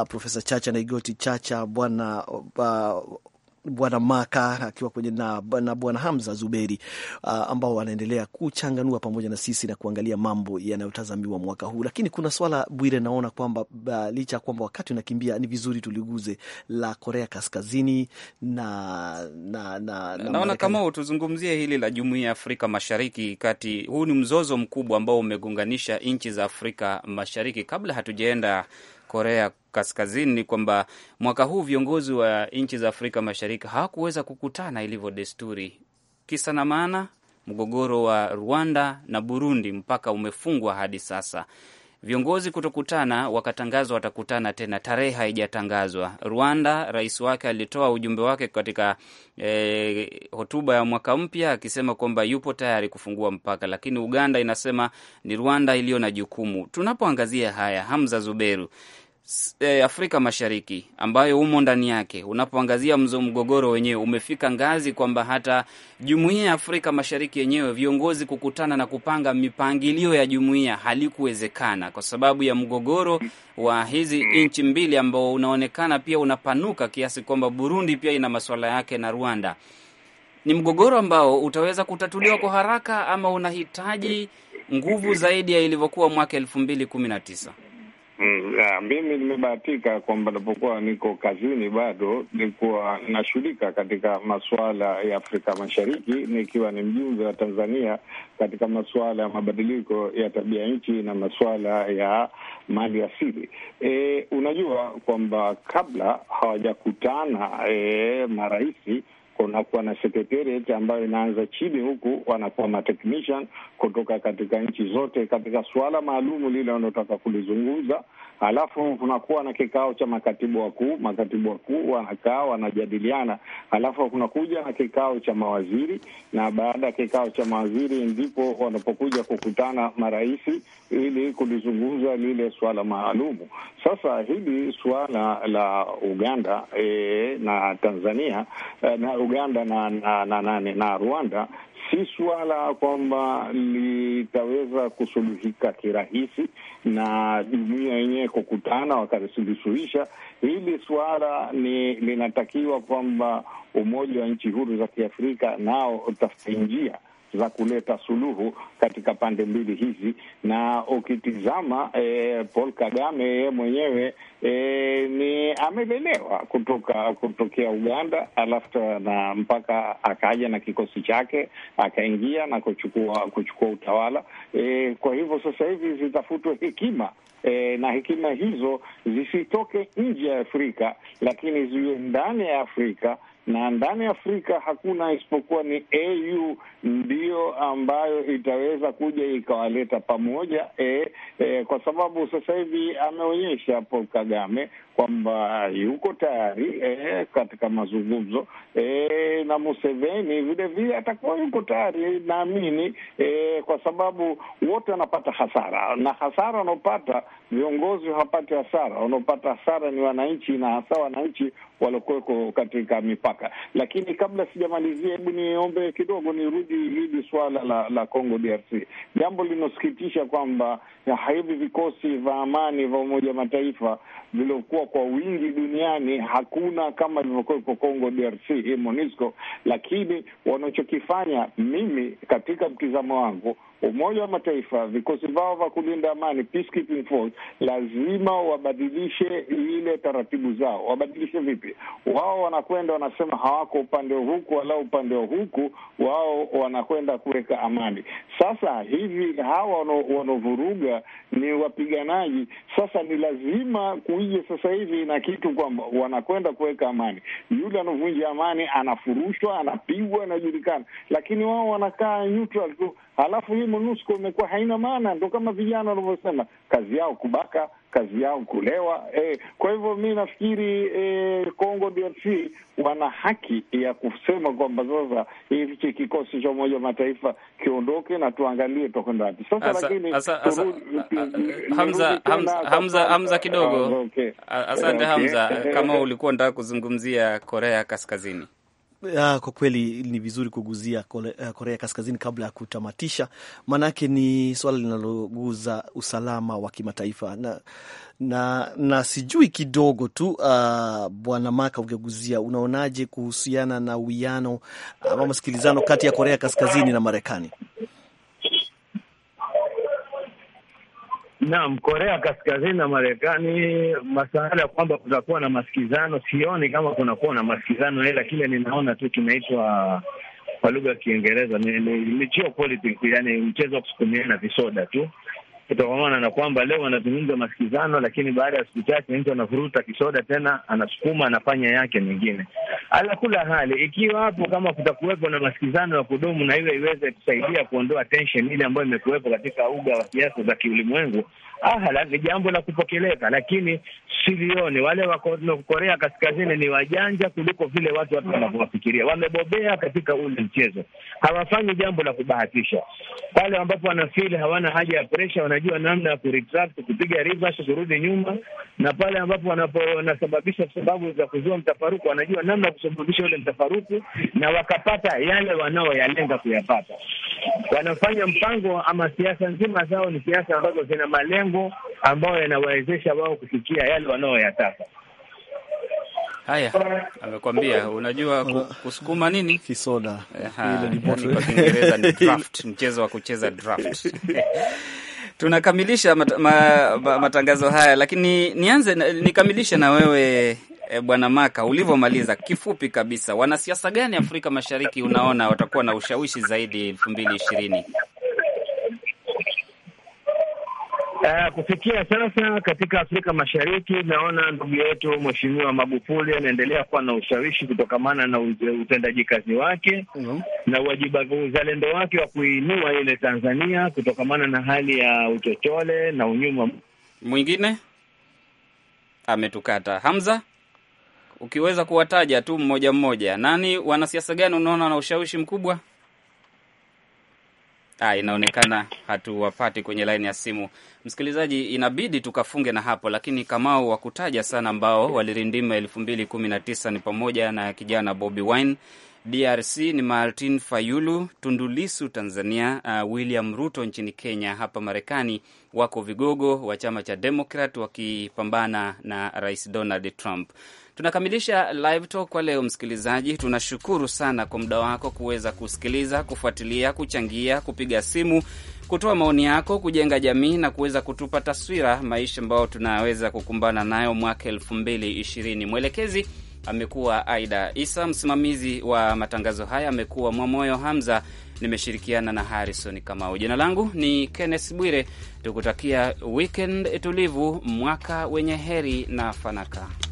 Profesa Chacha Naigoti Chacha, Bwana uh, Bwana Maka akiwa kwenye na, na Bwana Hamza Zuberi uh, ambao wanaendelea kuchanganua pamoja na sisi na kuangalia mambo yanayotazamiwa mwaka huu. Lakini kuna swala Bwire, naona kwamba uh, licha ya kwamba wakati unakimbia, ni vizuri tuliguze la Korea Kaskazini na, na, na, na naona kama utuzungumzie hili la Jumuiya ya Afrika Mashariki kati. Huu ni mzozo mkubwa ambao umegunganisha nchi za Afrika Mashariki. Kabla hatujaenda Korea Kaskazini kwamba mwaka huu viongozi wa nchi za Afrika Mashariki hawakuweza kukutana ilivyo desturi. Kisa na maana, mgogoro wa Rwanda na Burundi mpaka umefungwa hadi sasa viongozi kutokutana, wakatangazwa watakutana tena, tarehe haijatangazwa. Rwanda, rais wake alitoa ujumbe wake katika e, hotuba ya mwaka mpya akisema kwamba yupo tayari kufungua mpaka, lakini Uganda inasema ni Rwanda iliyo na jukumu. Tunapoangazia haya, Hamza Zuberu, e, Afrika Mashariki ambayo umo ndani yake, unapoangazia mzo mgogoro wenyewe umefika ngazi kwamba hata jumuiya ya Afrika Mashariki yenyewe viongozi kukutana na kupanga mipangilio ya jumuiya halikuwezekana kwa sababu ya mgogoro wa hizi nchi mbili ambao unaonekana pia unapanuka kiasi kwamba Burundi pia ina masuala yake na Rwanda. Ni mgogoro ambao utaweza kutatuliwa kwa haraka ama unahitaji nguvu zaidi ya ilivyokuwa mwaka elfu mbili kumi na tisa? Mm, mimi nimebahatika kwamba napokuwa niko kazini bado nikuwa nashughulika katika masuala ya Afrika Mashariki nikiwa ni mjumbe wa Tanzania katika masuala ya mabadiliko ya tabia nchi na masuala ya mali asili. E, unajua kwamba kabla hawajakutana e, marais kunakuwa na secretariat ambayo inaanza chini huku, wanakuwa matechnician kutoka katika nchi zote katika suala maalum lile wanaotaka kulizungumza. alafu kunakuwa na kikao cha makatibu wakuu. Makatibu wakuu wanakaa wanajadiliana, alafu kunakuja na kikao cha mawaziri, na baada ya kikao cha mawaziri ndipo wanapokuja kukutana marais ili kulizungumza lile suala maalumu. Sasa hili suala la Uganda e, na Tanzania e, na Uganda na, na, na, na, na Rwanda si suala kwamba litaweza kusuluhika kirahisi na jumuiya yenyewe kukutana wakalisuluhisha hili suala. Ni linatakiwa kwamba umoja wa nchi huru za Kiafrika nao utafute njia za kuleta suluhu katika pande mbili hizi, na ukitizama eh, Paul Kagame yeye mwenyewe eh, ni amelelewa kutoka kutokea Uganda, alafu na mpaka akaja na kikosi chake akaingia na kuchukua kuchukua utawala eh, kwa hivyo sasa hivi zitafutwe hekima E, na hekima hizo zisitoke nje ya Afrika, lakini ziwe ndani ya Afrika na ndani Afrika hakuna isipokuwa ni AU ndiyo ambayo itaweza kuja ikawaleta pamoja e, e, kwa sababu sasa hivi ameonyesha Paul Kagame kwamba yuko tayari eh, katika mazungumzo eh, na Museveni vilevile atakuwa yuko tayari naamini, eh, kwa sababu wote wanapata hasara, na hasara wanaopata viongozi hawapati hasara, wanaopata hasara ni wananchi, na hasa wananchi waliokuweko katika mipaka. Lakini kabla sijamalizia, hebu niombe kidogo nirudi hili suala la, la Congo DRC, jambo linosikitisha kwamba eh, hivi vikosi vya amani vya Umoja Mataifa vilivyokuwa kwa wingi duniani, hakuna kama ilivyokuwa iko Congo DRC hii MONUSCO. Lakini wanachokifanya, mimi katika mtizamo wangu, Umoja wa Mataifa, vikosi vao vya kulinda amani, peacekeeping force, lazima wabadilishe ile taratibu zao. Wabadilishe vipi? Wao wanakwenda wanasema hawako upande wa huku wala upande wa huku, wao wanakwenda kuweka amani. Sasa hivi hawa wanaovuruga ni wapiganaji. Sasa ni lazima kuije sasa hivi ina kitu kwamba wanakwenda kuweka amani, yule anavunja amani anafurushwa, anapigwa, anajulikana, lakini wao wanakaa neutral tu. Halafu hii MONUSCO imekuwa haina maana, ndo kama vijana wanavyosema kazi yao kubaka kazi yao kulewa E, Kwa hivyo mi nafikiri e, Congo DRC wana haki ya kusema kwamba sasa hichi kikosi cha Umoja wa Mataifa kiondoke na tuangalie tokwenda wapi sasa. Lakini Hamza, Hamza, Hamza kidogo, asante Hamza, kama ulikuwa unataka kuzungumzia Korea Kaskazini. Ah, kwa kweli ni vizuri kuguzia eh, Korea Kaskazini kabla ya kutamatisha, maanake ni swala linaloguza usalama wa kimataifa na, na, na sijui kidogo tu uh, Bwana Maka ungeguzia, unaonaje kuhusiana na uwiano ama masikilizano kati ya Korea Kaskazini na Marekani? Naam, Korea Kaskazini na Marekani, masuala ya kwamba kutakuwa na masikizano, sioni kama kunakuwa na masikizano, ila kile ninaona tu kinaitwa kwa lugha ya Kiingereza ni, ni, ni geopolitics, yani mchezo wa kusukumiana visoda tu kutokamana na kwamba leo anazungumza masikizano, lakini baada ya siku chache mtu anavuruta kisoda tena, anasukuma anafanya yake mengine. Ala kula hali, ikiwa hapo kama kutakuwepo na masikizano ya kudumu, na hiyo iweze kusaidia kuondoa tension ile ambayo imekuwepo katika uga wa siasa za kiulimwengu, ahala ni jambo la kupokeleka, lakini silioni wale wa Korea Kaskazini ni wajanja kuliko vile watu watu wanavyowafikiria. Wamebobea katika ule mchezo, hawafanyi jambo la kubahatisha. Pale ambapo wanafili hawana haja ya presha, wanajua namna ya kuretract, kupiga reverse, kurudi nyuma, na pale ambapo wanapo wanasababisha sababu za kuzua mtafaruku, wanajua namna ya kusababisha ule mtafaruku, na wakapata yale wanaoyalenga kuyapata. Wanafanya mpango ama siasa nzima zao ni siasa ambazo zina malengo mambo ambayo yanawawezesha wao kufikia yale wanaoyataka. Haya, amekwambia unajua kusukuma nini kisoda, kwa Kiingereza ni draft, mchezo wa kucheza draft. Tunakamilisha mat, ma, ma, matangazo haya, lakini nianze nikamilishe na wewe e, Bwana Maka, ulivyomaliza kifupi kabisa, wanasiasa gani Afrika Mashariki unaona watakuwa na ushawishi zaidi elfu mbili ishirini? Uh, kufikia sasa katika Afrika Mashariki naona ndugu yetu Mheshimiwa Magufuli anaendelea kuwa na ushawishi kutokamana na utendaji kazi wake mm -hmm. na wa uzalendo wake wa kuinua ile Tanzania kutokamana na hali ya uchochole na unyuma. Mwingine ametukata Hamza, ukiweza kuwataja tu mmoja mmoja, nani wanasiasa gani unaona na ushawishi mkubwa? Ah, inaonekana hatuwapati kwenye laini ya simu. Msikilizaji, inabidi tukafunge na hapo, lakini Kamau, kutaja sana ambao walirindima elfu mbili kumi na tisa ni pamoja na kijana Bobi Wine DRC ni Martin Fayulu, Tundulisu Tanzania, uh, William Ruto nchini Kenya. Hapa Marekani wako vigogo wa chama cha Demokrat wakipambana na Rais Donald Trump. Tunakamilisha live talk kwa leo. Msikilizaji, tunashukuru sana kwa muda wako kuweza kusikiliza, kufuatilia, kuchangia, kupiga simu, kutoa maoni yako, kujenga jamii na kuweza kutupa taswira maisha ambayo tunaweza kukumbana nayo mwaka elfu mbili ishirini. Mwelekezi amekuwa Aida Isa, msimamizi wa matangazo haya amekuwa Mwamoyo Hamza, nimeshirikiana na Harrison Kamau. Jina langu ni Kenneth Bwire, tukutakia weekend tulivu, mwaka wenye heri na fanaka.